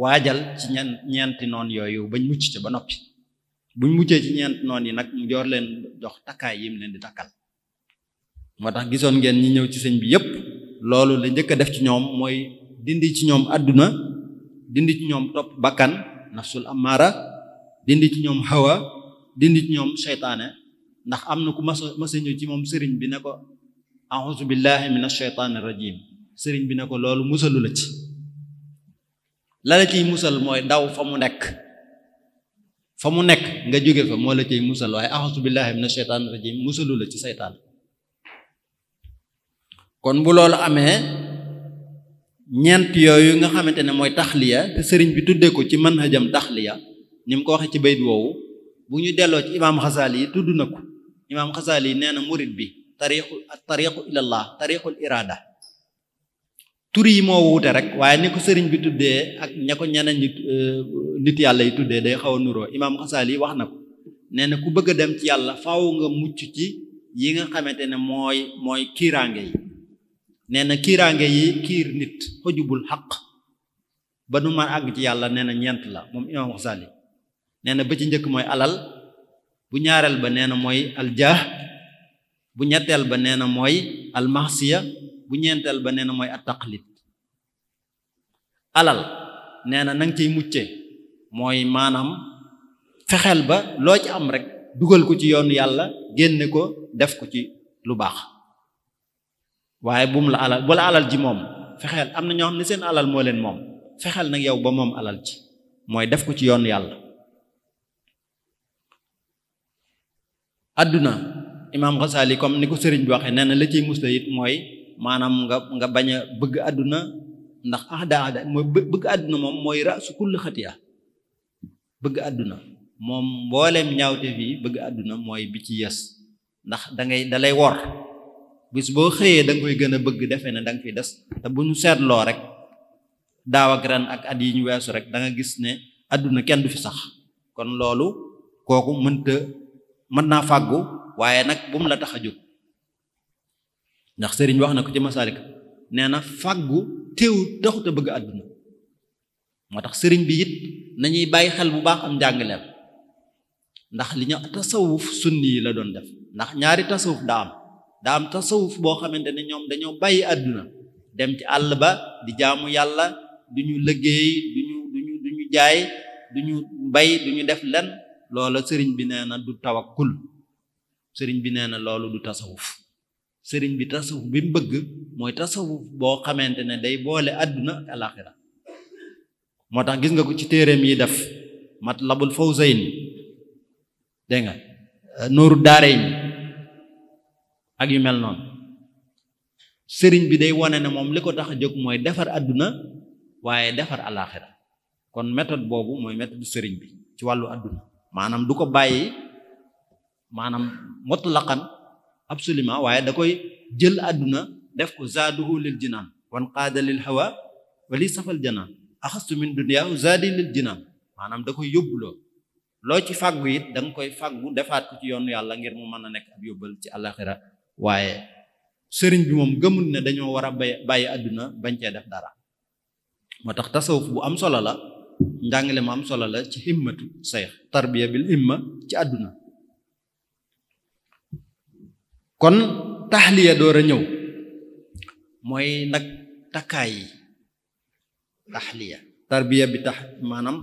waajal ci ñen ñeenti noon yooyu bañ mucc ci ba noppi buñ muccee ci ñeent noon yi nag mu joor leen jox takkaay yim leen di takkal moo tax gisoon ngeen ñi ñëw ci sëñ bi yépp loolu la njëkk a def ci ñoom mooy dindi ci ñoom adduna dindi ci ñoom topp bakkan nafsul amaara dindi ci ñoom hawa dindi ci ñoom seytaane ndax am na ku mas masa ñëw ci moom sëriñ bi ne ko a'uuzu billahi min asheytaani rajim sëriñ bi na ko loolu musalu la ci la la ciy musal mooy daw fa mu nekk fa mu nekk nga jóge fa moo la ciy musal waaye a'uuzu billahi min asheytaani rajim musalu la ci seytaan kon bu loolu amee ñeent yooyu nga xamante ne mooy taxliya te sëriñ bi tuddee ko ci man manhajam taxliya ni mu ko waxee ci bayt woowu bu ñu delloo ci imaam Xasaali yi tudd na ko imaam Xasaali yi nee na murit bi tariqu tariqu ilallah tariqul iraada tur yi moo wuute rek waaye ni ko sëriñ bi tuddee ak ña ko ñeneen ñi euh, nit yàlla yi tuddee day xaw a nuroo imaam Xasaali yi wax na ko nee na ku bëgg a dem ci yàlla faw nga mucc ci yi nga xamante ne mooy mooy kiiraange yi nee na kiiraange yi kiir nit xujubul xaq ba nu man àgg ci yàlla nee na ñeent la moom imaam Xasali nee na ba ci njëkk mooy alal bu ñaareel ba nee na mooy aljaah bu ñetteel ba nee na mooy almahsiya bu ñeenteel ba nee na mooy attaqlid alal nee na nanga ciy mucce mooy maanaam fexeel ba loo ci am rekk dugal ko ci yoon yàlla génne ko def ko ci lu baax waaye bu la alal bu la alal ji moom fexeel am na ñoo xam ne seen alal moo leen moom fexeel nag yow ba moom alal ji mooy def ko ci yoon yàlla adduna imaam Ghazali comme ni ko sëriñ bi waxee nee na la ciy musla it mooy maanaam nga bañ a bëgg àdduna ndax ahda ahda mooy bëgg adduna moom mooy rasu kull xatiya bëgg àdduna moom mbooleem ñaawte fii bëgg àdduna mooy bi ci yes ndax da dalay wor bis boo xëyee danga koy gën a bëgg defee ne danga nga fi des te bu ñu seetloo rek daaw ak ren ak at yi ñu weesu rek danga gis ne àdduna kenn du fi sax kon loolu kooku mën mënta mën naa fàggu waaye nag bu mu la tax a jóg ndax sëriñ wax na ko ci masalik nee na fàggu teew taxut bëgg àdduna moo tax sëriñ bi it nañuy bàyyi xel bu baax am njàngaleem ndax li ñu tasawuf sunni yi la doon def ndax ñaari tasawuf daa am daa am tasawuf boo xamante ne ñoom dañoo bàyyi àdduna dem ci àll ba di jaamu yàlla du ñu liggéey du ñu duñu du ñu jaay du ñu bay du ñu def lenn loola sëriñ bi nee na du tawakkul sëriñ bi nee na loolu du tasawuf sëriñ bi tasawuf bi mu bëgg mooy tasawuf boo xamante ne day boole àdduna ak alaxira moo tax gis nga ko ci téeréem yi def Matlabul Fawzayni dégg nga nooru daarayni ak yu mel noonu sëriñ bi day wane ne moom li ko tax a jóg mooy defar àdduna waaye defar alaaxira kon metod boobu mooy méthode sëriñ bi ci wàllu àdduna maanaam du ko bàyyi maanaam mutlaqan absolument waaye da koy jël àdduna def ko zaaduhu lil jinaan wan qaada lil hawa safal janaan axastu min dunya zaadi lil jinaan maanaam da koy yóbbu lool loo ci fàggu it da koy fàggu defaat ko ci yoon yàlla ngir mu mën a nekk ab yóbbal ci alaaxira waaye sëriñ bi moom gëmul na dañoo war a bàyyi àdduna bañ cee def dara moo tax tasawuf bu am solo la njàngale mu am solo la ci himmatu seex tarbiya bil himma ci àdduna kon taxliya door a ñëw mooy nag takkaay yi taxliya tarbiya bi tax maanaam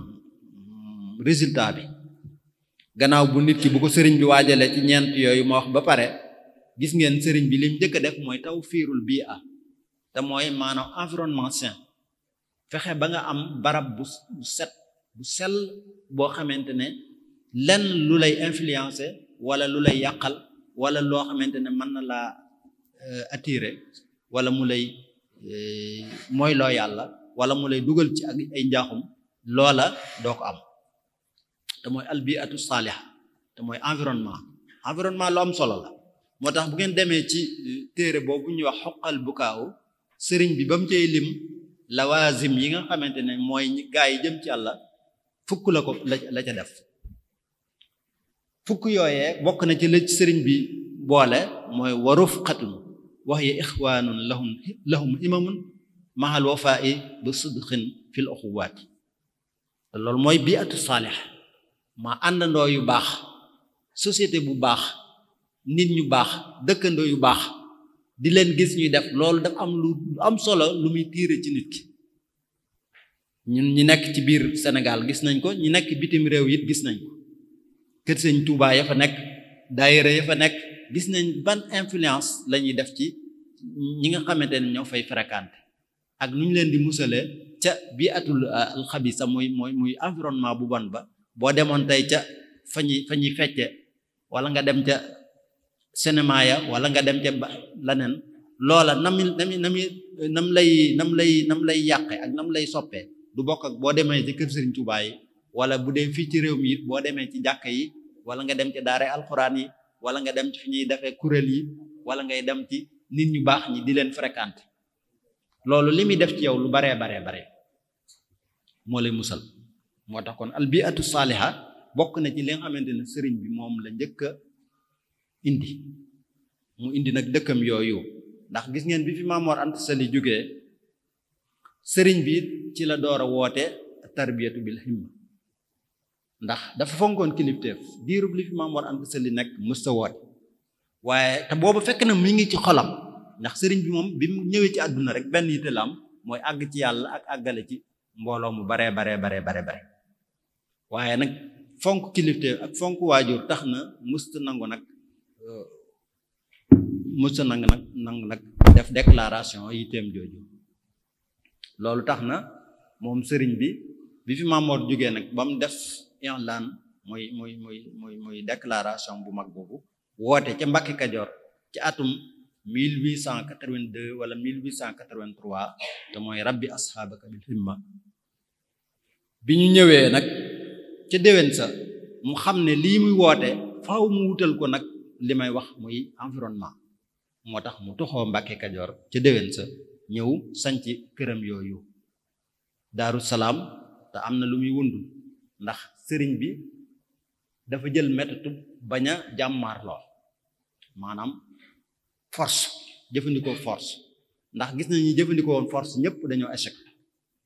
résultat bi gannaaw bu nit ki bu ko sëriñ bi waajalee ci ñeent yooyu ma wax ba pare gis ngeen sëriñ bi lim njëkk a def mooy taw fiirul bii a te mooy maanaam environnement sain fexe ba nga am barab bu set bu sell boo xamante ne lenn lu lay influencer wala lu lay yàqal wala loo xamante ne man na laa euh, attirer wala mu lay euh, mooy loo yàlla wala mu lay dugal ci ak ay njaaxum loola doo ko am te mooy albiatu saaliha te mooy environnement environnement lu am solo la moo tax bu ngeen demee ci euh, téere boobu ñuy wax xoqal bukaaw sëriñ bi ba mu cay lim lawazim yi nga xamante ne mooy gaa yi jëm ci àlla fukk la ko la ca def fukk yooyee bokk na ci la sëriñ bi boole mooy waruf xatun wax ya ixwaanun lahum lahum imamun mahal wafaa'i bi sidqin fil uxuwaati loolu mooy biatu saalix maa àndandoo yu baax société bu baax nit ñu baax dëkkandoo yu baax di leen gis ñuy def loolu dafa am lu am solo lu muy tiire ci nit ki ñun ñi nekk ci biir Sénégal gis nañ ko ñi nekk bitim réew yit gis nañ ko kër sëñ Touba ya fa nekk daayira ya fa nekk gis nañ ban influence lañuy def ci ñi nga xamante ne ñoo fay fréquenté ak nu ñu leen di musalee ca bi atul alxabisa euh, muy mooy muy environnement bu bon ba boo demoon tey ca fa ñuy fa ñuy fecce wala nga dem ca cinéma ya wala nga dem ca leneen loola nam nami nami nam lay nam lay nam lay yàqe ak nam lay soppee du bokk ak boo demee ci kër Serigne Touba yi wala bu dee fii ci réew mi it boo demee ci jàkk yi wala nga dem ci daara alxuraan yi wala nga dem ci fi ñuy defee kuréel yi wala ngay dem ci nit ñu baax ñi di leen fréquenter loolu li muy def ci yow lu baree baree bare moo lay musal moo tax kon albiatu saaliha bokk na ci li nga xamante ne sëriñ bi moom la njëkk indi mu indi nag dëkkam yooyu ndax gis ngeen bi fi Maamoor Anta Sali jógee sëriñ bi ci la door a woote tarbiyatu bil himma ndax dafa fonkoon kilifteef diirub li fi Maamoor Anta Sali nekk mës woote waaye te boobu fekk na mu ngi ci xolam ndax sëriñ bi moom bi mu ñëwee ci àdduna rek benn yitte am mooy àgg ci yàlla ak àggale ci mbooloo mu baree baree baree bare bare waaye nag fonk kilifteef ak fonk waajur tax na must nangu nag musta nang nag nang nag def déclaration yitteem jooju loolu tax na moom sëriñ bi bi fi Maamoor jógee nag ba mu def inlaan muy mooy mooy mooy muy déclaration bu mag boobu woote ca Mbàkke Kajoor ci atum 1882 wala 1883 te mooy rabbi asxaabaka bil himma bi ñu ñëwee nag ca déwén sa mu xam ne lii muy woote faaw mu wutal ko nag li may wax muy environnement moo tax mu toxoo Mbàkke Kajoor ca déwén sa ñëw sanc këram yooyu Daaru Salaam te am na lu muy wundu ndax sëriñ bi dafa jël métatu bañ a jàmmaarloo maanaam force jëfandikoo force ndax gis na ñi jëfandikoo woon force ñëpp dañoo échec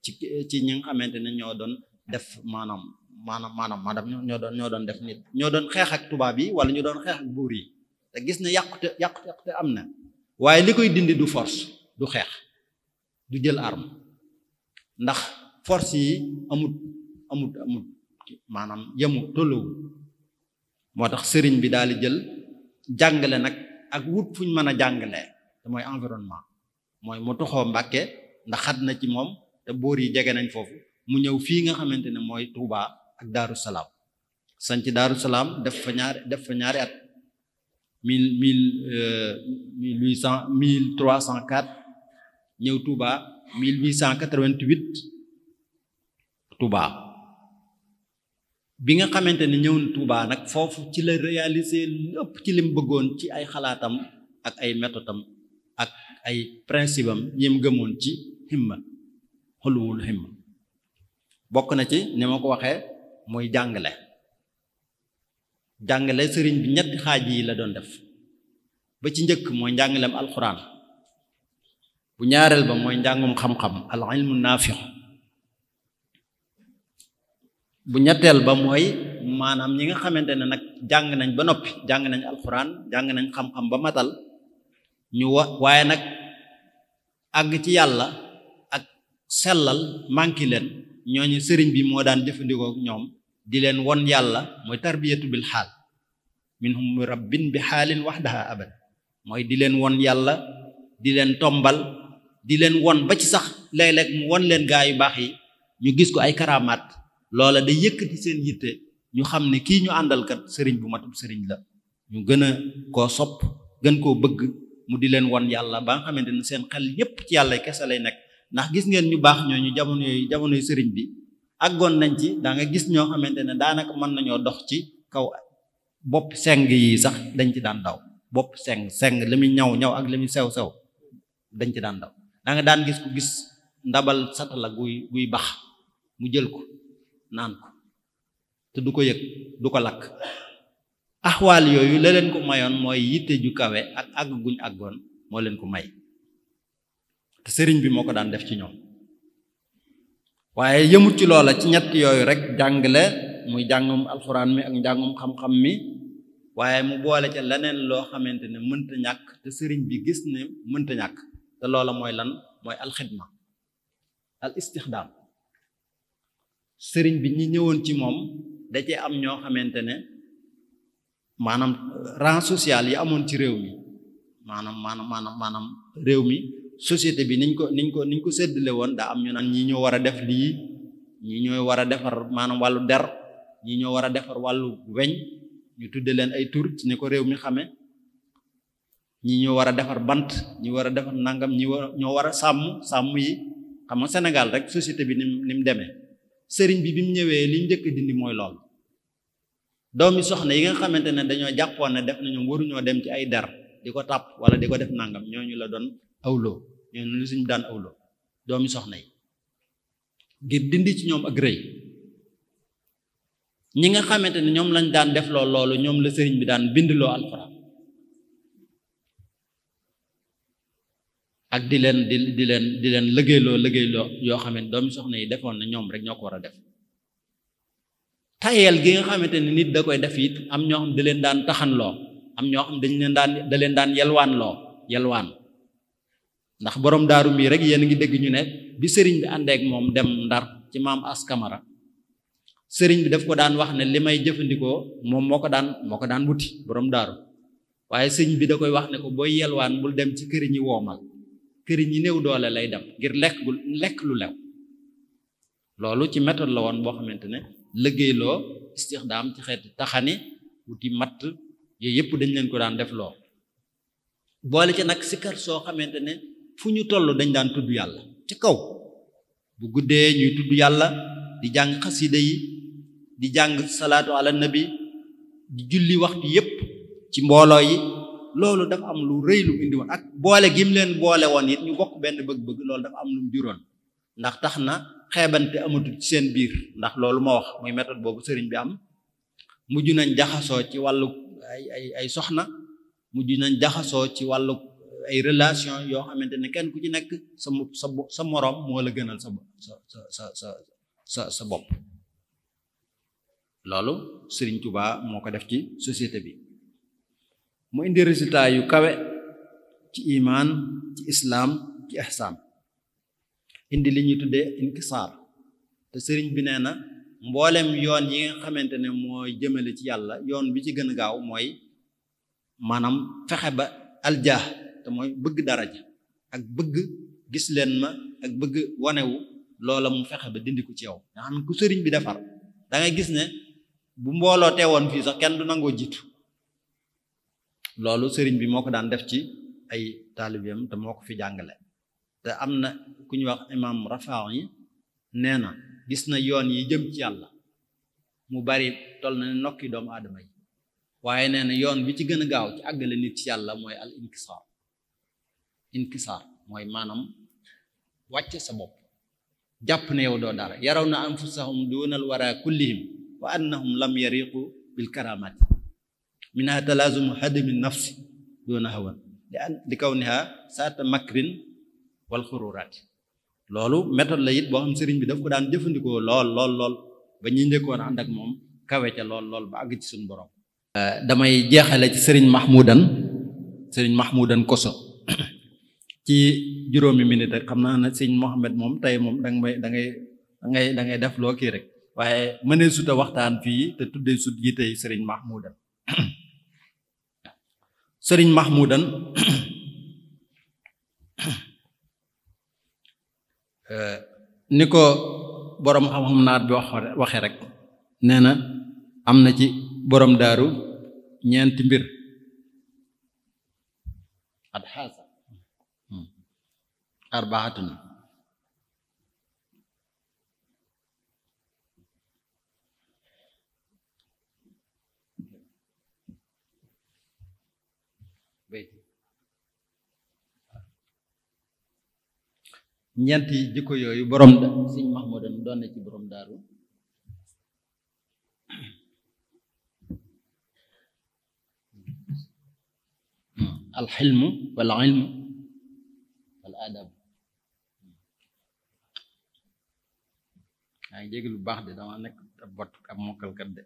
ci ci ñi nga xamante ne ñoo doon def maanaam maanaam maanaam maanaam ñoo doon ñoo doon def nit ñoo doon xeex ak tubaab yi wala ñu doon xeex ak buur yi te gis ne yàqute yàqute yàqute am na waaye li koy dindi du force du xeex du jël arme ndax force yi amut amut amut maanaam yemu tolluwul moo tax sëriñ bi daal di jël jàngale nag ak wut fuñ mën a jàngalee te mooy environnement mooy mu toxoo Mbàkke ndax xat na ci moom te boor yi jege nañ foofu mu ñëw fii nga xamante ne mooy Tuubaa ak daaru salaam sanc daaru salaam def fa ñaari def fa ñaari at mille mille euh, trois cent quatre ñëw Touba mille huit cent quatre vingt huit Touba bi nga xamante ni ñëw na nag foofu ci la réaliser lépp ci lim bëggoon ci ay xalaatam ak ay méthode ak ay principe am gëmoon ci himma xuluwul himma bokk na ci ni ma ko waxee mooy jàngale jàngale sëriñ bi ñetti xaaj yi la doon def ba ci njëkk mooy njàngaleem alxuraan bu ñaareel ba mooy njàngum xam-xam al ilmu naafix bu ñetteel ba mooy maanaam ñi nga xamante ne nag jàng nañ ba noppi jàng nañ alxuraan jàng nañ xam-xam ba matal ñu wa waaye nag àgg ci yàlla ak sellal manki leen ñooñu sëriñ bi moo daan jëfandikook ñoom di leen won yàlla mooy tarbiyatu bil xaal minhum rabbin bi xaalin waxdaha abad mooy di leen won yàlla di leen tombal di leen won ba ci sax léeg mu won leen gaa yu baax yi ñu gis ko ay karaamaat loola day yëkkati seen yitte ñu xam ne kii ñu àndalkat sëriñ bu matub sëriñ la ñu gën a koo sopp gën koo bëgg mu di leen won yàlla ba nga xamante ne seen xel yépp ci yàlla kese lay nekk ndax gis ngeen ñu baax ñooñu jamono yooyu jamonoy sëriñ bi àggoon nañ ci da nga gis ñoo xamante ne daanaka mën nañoo dox ci kaw bopp seng yi sax dañ ci daan daw bopp seng seng la muy ñaw ñaw ak la muy sew sew dañ ci daan daw da daan gis ku gis ndabal satala guy guy bax mu jël ko naan ko te du ko yëg du ko lakk axwaal yooyu la leen ko mayoon mooy yitte ju kawe ak àgg guñ àggoon moo leen ko may te sëriñ bi moo ko daan def ci ñoom waaye yëmut ci loola ci ñett yooyu rek jàngale muy jàngum alxuraan mi ak njàngum xam-xam mi waaye mu boole ca leneen loo xamante ne mënta ñàkk te sëriñ bi gis ne mënta ñàkk te loola mooy lan mooy alxidma al istixdaam sëriñ bi ñu ñëwoon ci moom da cee am ñoo xamante ne maanaam rang social yi amoon ci réew mi maanaam maanaam maanaam maanaam réew mi société bi niñ ko niñ ko niñ ko séddale woon daa ñu naan ñii ñoo war a def lii ñii ñooy war a defar maanaam wàllu der ñii ñoo war a defar wàllu weñ ñu tudde leen ay tur ci ne ko réew mi xamee ñii ñoo war a defar bant ñi war a defar nangam ñi war ñoo war a sàmm sàmm yi xam nga Sénégal rek société bi nim ni mu demee sëriñ bi bi mu ñëwee li njëkk dindi mooy lool doomi soxna yi nga xamante ne dañoo jàppoon ne def nañu waruñoo dem ci ay der di ko tàpp wala di ko def nangam ñooñu la doon awloo nee na lu suñ daan awloo doomi soxna yi ngir dindi ci ñoom ak rëy ñi nga xamante ne ñoom lañ daan def loo loolu ñoom la sëriñ bi daan bindloo alxuraan ak di leen di di leen di leen liggéeyloo liggéeyloo yoo xam doomi soxna yi defoon na ñoom rek ñoo ko war a def tayeel gi nga xamante ne nit da koy def it am ñoo xam da leen daan taxanloo am ñoo xam dañ leen daan da leen daan yelwaanloo yelwaan ndax borom daaru mii rek yéen ngi dégg ñu ne bi sëriñ bi àndeek moom dem ndar ci maam askamara sëriñ bi daf ko daan wax ne li may jëfandikoo moom moo ko daan moo ko daan wuti borom daaru waaye sëriñ bi da koy wax ne ko booy yelwaan bul dem ci këri ñi woomal këri ñi néew doole lay dem ngir lekk gu lu lew loolu ci méthode la woon boo xamante ne liggéeyloo istixdaam ci xeeti taxani wuti matt yooyu yëpp dañ leen ko daan def loo boole ci nag sikar soo xamante fu ñu toll dañ daan tudd yàlla ci kaw bu guddee ñuy tudd yàlla di jàng xasida yi di jàng salaatu ala nabi di julli waxtu yépp ci mbooloo yi loolu dafa am lu rëy lu indi woon ak boole gim leen boole woon it ñu bokk benn bëgg-bëgg loolu dafa am lu mu juróon ndax tax na xeebante amatul ci seen biir ndax loolu ma wax muy méthode boobu sëriñ bi am mujj nañ jaxasoo ci wàllu ay ay soxna mujj nañ jaxasoo ci wàllu ay relation yoo xamante ne kenn ku ci nekk sa sa sa moroom moo la gënal sa sa sa sa sa bopp loolu Sëriñ Tuubaa moo ko def ci société bi mu indi résultat yu kawe ci imaan ci islaam ci ihsaan indi li ñuy tuddee inkisaar te sëriñ bi nee na mboolem yoon yi nga xamante ne mooy jëmale ci yàlla yoon bi ci gën a gaaw mooy maanaam fexe ba aljah te mooy bëgg daraja ak bëgg gis leen ma ak bëgg wonewu loola mu fexe ba dindi ko ci yow nga xam ne ku sëriñ bi defar da gis ne bu mbooloo teewoon fii sax kenn du nangoo jiitu loolu sëriñ bi moo ko daan def ci ay taalibeem te moo ko fi jàngale te am na ku ñuy wax imam rafaa yi nee na gis na yoon yi jëm ci yàlla mu bari tol na ne nokki doomu aadama yi waaye nee yoon bi ci gën a gaaw ci àggale nit yàlla mooy al inkisar inkisaar mooy maanaam wàcce sa bopp jàpp ne yow doo dara yaraw na anfusahum duunal wara kullihim wa annahum lam yariqu bil karamati minha talaazum hadami nafsi duuna hawan li kawniha saata makrin wal xururaati loolu méthode la it boo xam sëriñ bi daf ko daan jëfandikoo lool lool lool ba ñi njëkkoon ànd ak moom kawe ca lool lool ba àgg ci suñu borom euh, damay jeexale ci sëriñ mahmudan sëriñ mahmudan koso ci juróomi minute rek xam naa ne sëñ Mouhamed moom tey moom danga may da da ngay da def loo kii rek waaye mënee sut waxtaan fii te tuddee sut yi tey sëriñ Mahmoudan sëriñ Mahmoudan eh, ni ko boroom xam-xam naat bi wax waxee rek nee na am na ci boroom daaru ñeenti mbir arbaatun ñeent yi jikko yooyu borom sëñ Mahmoudan doon na ci borom daaru alxilmu wal ilmu wal adab maa ngi baax de dama nekk ab wat ab mokkalkat de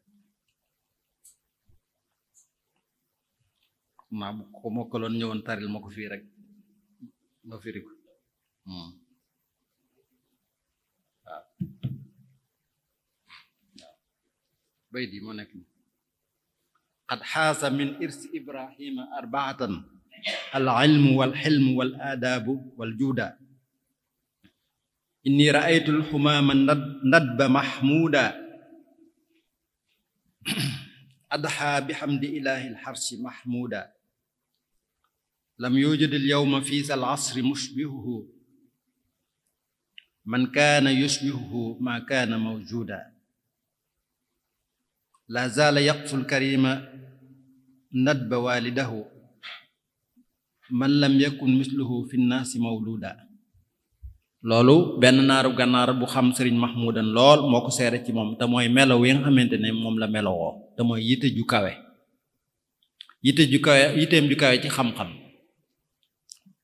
mokkaloon ñëwoon taril ma ko fii rek ma firi ko hmm. waaw waaw bay di moo nekk qad xaasa min irsi ibrahima arbaatan al ilmu wal xilmu wal aadaabu wal juuda inni raaytul xumaama nadba mahmuuda adxa bihamdi ilahi alxarsi mahmuuda lam yujad alyawma fi sa alasri mushbihuhu man kaana yushbihuhu ma kaana mawjuda la zaala yaqfu alkarima nadba waalidahu man lam yakun misluhu fi nnaasi mawluuda loolu benn naaru gànnaar bu xam sëriñ Mahmoudan lool moo ko seere ci moom te mooy melo yi nga xamante ne moom la melowoo te mooy yite ju kawe yite ju kawe yiteem ju ci xam-xam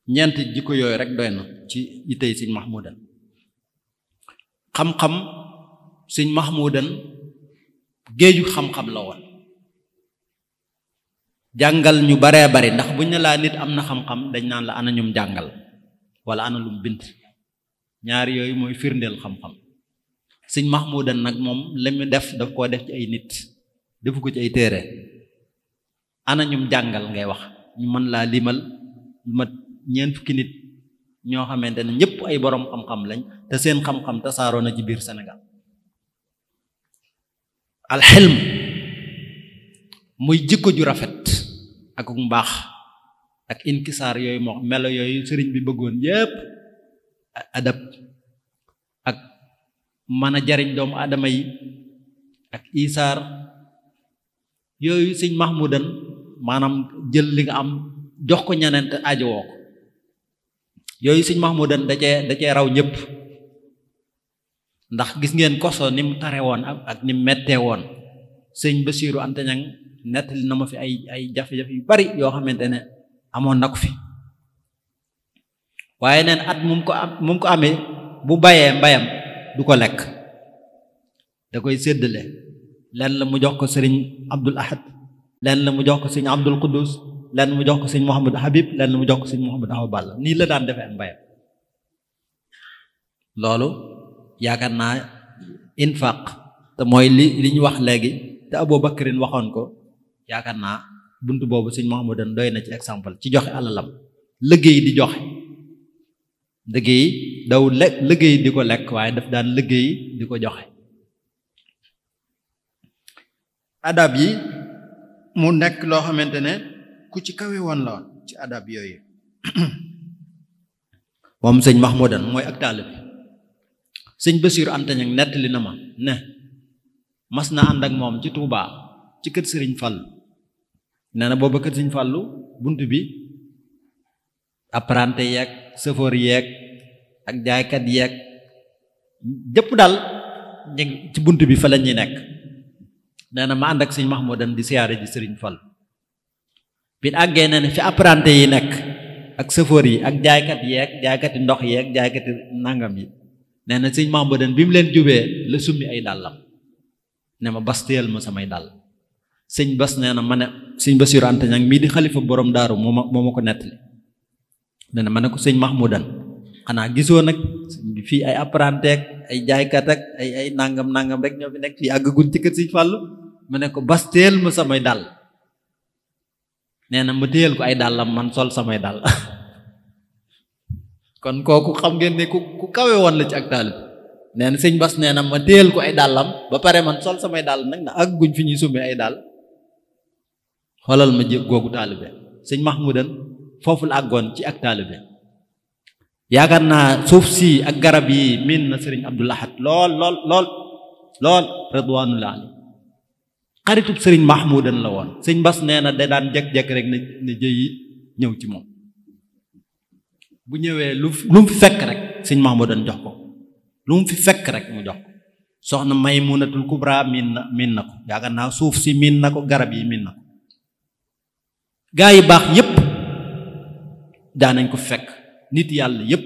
ñeent jikko yooyu rek doy na ci yitey sëriñ Mahmoudan xam-xam sëriñ Mahmoudan géeju xam-xam la woon jàngal ñu baree bari ndax buñ ne laa nit am na xam-xam dañ naan la ana ñum jàngal wala ana lum bind ñaar yooyu mooy firndeel xam-xam sëñ Mahmoudan nag moom la def daf koo def ci ay nit defu ko ci ay téere ana ñum jàngal ngay wax ñu mën laa limal lu mat ñeent fukki nit ñoo xamante ne ñépp ay boroom xam-xam lañ te seen xam-xam tasaaroo na ci biir Sénégal alxilm muy jikko ju rafet ak mbaax ak inkisaar yooyu moo melo yooyu sëriñ bi bëggoon yépp adab ak mën a jariñ doomu aadama yi ak isaar yooyu sëñ mahmudan maanaam jël li nga am jox ko ñeneen te ajowoo ko yooyu sëñ mahmudan da cee da raw ñëpp ndax gis ngeen koso ni mu tare woon ak ni mu mettee woon sëñ Basiiru Anta Ñaŋ nettali na ma fi ay ay jafe-jafe yu bari yoo xamante ne amoon na fi waaye neen at mu ko am mu ko amee bu bayee mbayam du ko lekk da koy séddale lenn la mu jox ko sëriñ Abdul Ahad lenn la mu jox ko sëriñ Abdul Quddus lenn mu jox ko sëriñ Mouhamad Habib lenn mu jox ko sëriñ Mouhamad Awa Balla nii la daan defee mbayam loolu yaakaar naa infaq te mooy li li ñu wax léegi te Abu Bakrin waxoon ko yaakaar naa bunt boobu sëñ Mouhamadou doy na ci exemple ci joxe alalam liggéey di joxe liggéey daw lekk di ko lekk waaye daf daan liggéey di ko joxe adab yi mu nekk loo xamante ne ku ci kawe woon la ci adab yooyu moom sëñ Mahmoudan mooy ak taalib sëñ Basiir Antaña nettali na ma ne mas na ànd ak moom ci Touba ci kër Sëriñ Fall nee na booba kër Sëriñ Fallu bunt bi apprenti yeek chauffeur yeek ak jaaykat yeeg jëpp dal ci bunt bi fa la ñuy nekk nee na ma ànd ak sëñ dem di siyaare ji sëriñ fal bi àggee nee na fi apprenti yi nekk ak chauffeur yi ak jaaykat yeeg jaaykati ndox yeeg jaaykati nangam yi nee na sëñ Mahmoudan bi mu leen jubee la summi ay dàllam ne ma bas téyal ma samay dàll sëñ bas nee na ma ne sëñ Basiru Anta Ñaŋ mii di xalifa borom daaru moo ma moo ma ko nettali nee na ma ne ko sëñ Mahmoudan xanaa gisoo nag fii ay apprenti ak ay jaaykat ak ay ay nangam nangam rek ñoo fi nekk fii àggaguñ ci kër sëñ Fallou ma ne ko basteel ma samay dàll nee na ma téyal ko ay dàllam man sol samay dàll kon kooku xam ngeen ne ku kawe woon la ci ak taalib nee na sëñ Bas nee na ma téyal ko ay dàllam ba pare man sol samay dàll nag na àgguñ fi ñuy summi ay dàll xoolal ma jë googu taalibe sëñ Mahmoudan foofu la àggoon ci ak taalibe yaakaar naa suuf si ak garab yi miin na sëriñ Abdul Ahad lool lool lool lool ridwaanullah ali xaritub sëriñ Mahmoudan la woon sëñ Bas nee na da daan jekk-jekk rek ne ne jëyi ñëw ci moom bu ñëwee lu lu mu fekk rek sëñ Mahmoudan jox ko lu mu fi fekk rek mu jox ko soxna Maymunatul Kubra miin na miin na ko yaakaar naa suuf si miin na ko garab yi miin na ko gaa yi baax yépp daanañ ko fekk nit yàlla yëpp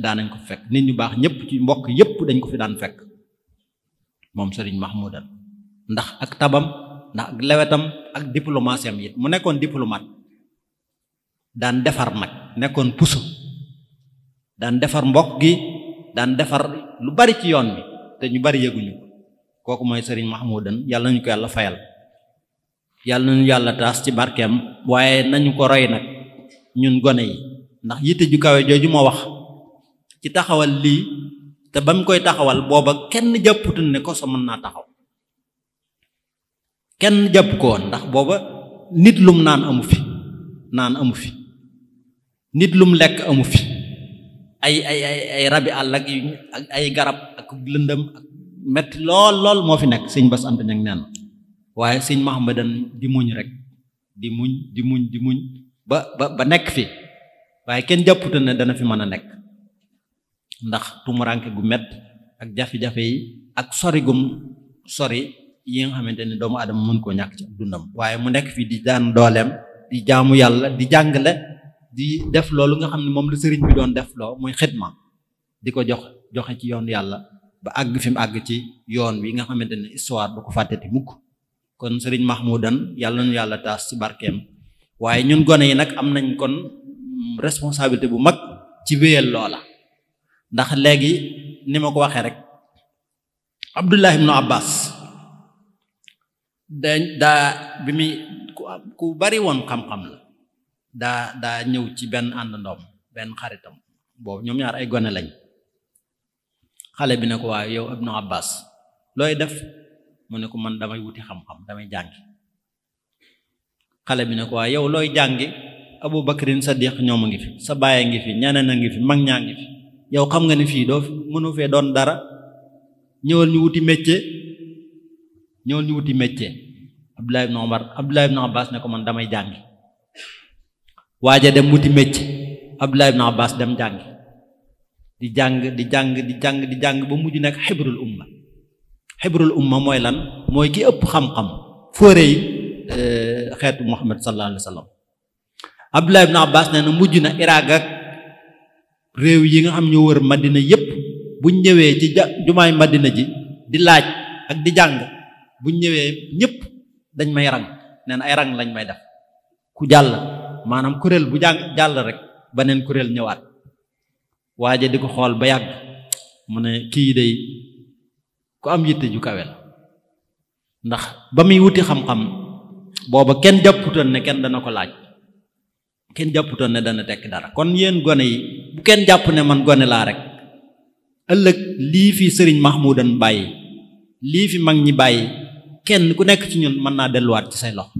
daanañ ko fekk nit ñu baax ñëpp ci mbokk yëpp dañ ko fi daan fekk moom sëriñ Mahmoudan ndax ak tabam ndax ak lewetam ak diplomatie am it mu nekkoon diplomate daan defar nag nekkoon puso daan defar mbokk gi daan defar lu bari ci yoon bi te ñu bari yëguñu kooku mooy sëriñ Mahmoudan yàlla ñu ko yàlla fayal yàlla nañu yàlla taas ci barkeem waaye nañu ko roy nag ñun gone yi ndax yitte ju kawe jooju moo wax ci taxawal lii te ba mu koy taxawal booba kenn jàpputoon ne ko so mën naa taxaw kenn jàpp ko ndax booba nit lum naan amu fi naan amu fi nit lum lekk amu fi ay ay ay rabi àll ak ay garab ak lëndëm ak metti lool lool moo fi nekk sëñ Bass Anta Niang neen waaye sëñ Mahamadan di muñ rek di muñ di muñ di muñ ba ba ba nekk fi waaye kenn jàppute na dana fi mën a nekk ndax tumuraanke gu mett ak jafe-jafe yi ak sori gum sori yi nga xamante ne doomu adama mën koo ñàkk ci dundam waaye mu nekk fi di daan dooleem di jaamu yàlla di jàngale di def loolu nga xam ne moom la sëriñ bi doon def loo muy xidma di ko jox joxe ci yoon yàlla ba àgg fi mu àgg ci yoon wi nga xamante ne histoire du ko fàtteti mukk kon sëriñ Mahmoudan yàlla nu yàlla taas ci barkeem waaye ñun gone yi nag am nañ kon responsabilité bu mag ci wéyal loola ndax léegi ni ma ko waxee rek Abdullah ibnu Abbas da daa bi muy ku bari woon xam-xam la daa daa ñëw ci benn ànd ndoom benn xaritam boobu ñoom ñaar ay gone lañ xale bi ne ko waaye yow ibnu Abbas looy def mu ne ko man damay wuti xam-xam damay jàngi xale bi ne ko waaye yow looy jàngi abu sa sadiq ñoom a ngi fi sa baay a ngi fi ñeneen a ngi fi mag ñaa ngi fi yow xam nga ni fii doo mënu fee doon dara ñëwal ñu wuti métier ñëwal ñu wuti métier abdullah ibn omar abdullah ibn abbas ne damay jàngi waaja dem wuti métier abdullah ibn abbas dem jàngi di jàng di jàng di jàng di jàng ba mujj nekk xibrul mooy lan mooy ki ëpp xam-xam fóore yi Euh, xeetu Muhammad sallallahu alayhi wa sallam Abdullah ibn Abbas mujj na Irak ak réew yi nga xam ñu wër Madina yépp buñ ñëwee ci ja jumaay Madina ji di laaj ak di jàng buñ ñëwee ñëpp dañ may rang nee na ay rang lañ may def ku jàll maanaam kuréel bu jàng jàll rek beneen kuréel ñëwaat waaje di ko xool ba yàgg mu ne kii day ku am yitte ju kawe ndax ba muy wuti xam-xam booba kenn jàpputoon ne kenn dana ko laaj kenn jàpputoon ne dana tekk dara kon yéen gone yi bu kenn jàpp ne man gone laa rek ëllëg lii fi sëriñ Mahmoudan bàyyi lii fi mag ñi bàyyi kenn ku nekk ci ñun mën naa delluwaat ci say loxo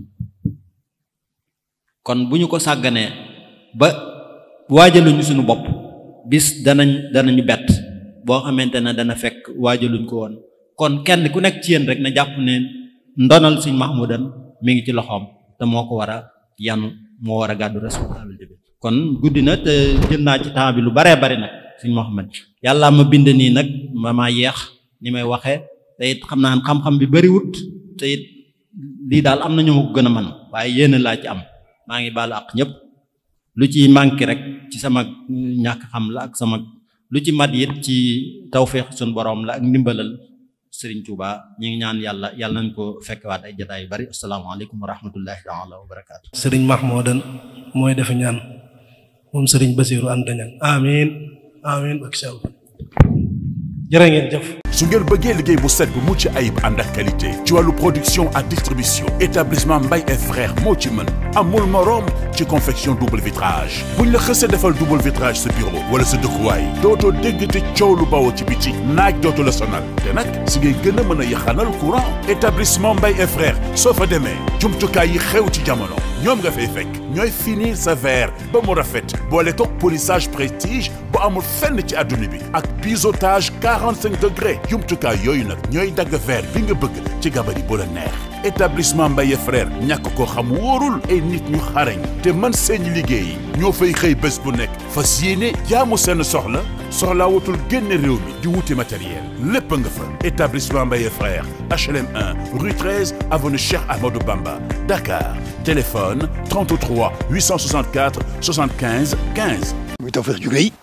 kon bu ñu ko sàgganee ba waajaluñu suñu bopp bis danañ danañu bett boo xamante ne dana fekk waajaluñ ko woon kon kenn ku nekk ci yéen rek na jàpp ne ndonal sëriñ Mahmoudan mi ngi ci loxoom te moo ko war a yanu moo war a gàddu responsabilité bi kon guddi na te jël naa ci temps bi lu baree bari nag suñ Muhammad yàlla ma bind nii nag ma maa yeex ni may waxee te it xam naa xam-xam bi bariwut te lii daal am na ñu ko gën a mën waaye yéen laa ci am maa ngi baalu àq ñépp lu ci manqué rek ci sama ñàkk xam la ak sama lu ci mat it ci tawféex suñu borom la ak ndimbalal Serigne Touba ñu ngi ñaan yàlla yàlla nañ ko fekkewaat ay jotaay yu bari asalaamaaleykum wa rahmatullahi taala wa barakaatu. moo Mahmoudan mooy defe ñaan moom Serigne Bassirou Anta ñaan amiin amiin ak jërë ngeen jëf. su ngeen bëggee liggéey bu set bu mucc ayib ànd ak qualité ci wàllu production ak distribution établissement mbay et frères moo ci mën amul morom ci confection double vitrage buñ la xësee defal double vitrage sa bureau wala sa dëkkuwaay dootoo dégg te coow lu bawoo ci biti naaj dootu la sonal te nag si ngay gën a mën a yaxanal courant établissement Mbaye et frères soo fa demee jumtukaay yi xew ci jamono ñoom nga fay fekk ñooy finir sa verre ba mu rafet boole toog polissage prestige bu amul fenn ci adduna bi ak biseautage 45 degrés jumtukaay yooyu nag ñooy dagg verre bi nga bëgg ci gabari bu la neex établissement Mbaye frère ñàkk ko xam wóorul ay nit ñu xarañ te man seen liggéey ñoo fay xëy bés bu nekk fas ne jaamu seen soxla soxlaa watul génn réew mi di wuti matériel lépp nga fa établissement Mbaye frère HLM 1 rue 13 avenue Cheikh Amadou Bamba Dakar téléphone 33 864 75 15. muy Tawfekh jugee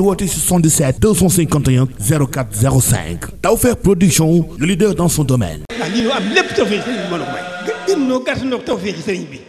ngeen woote si 77 251 a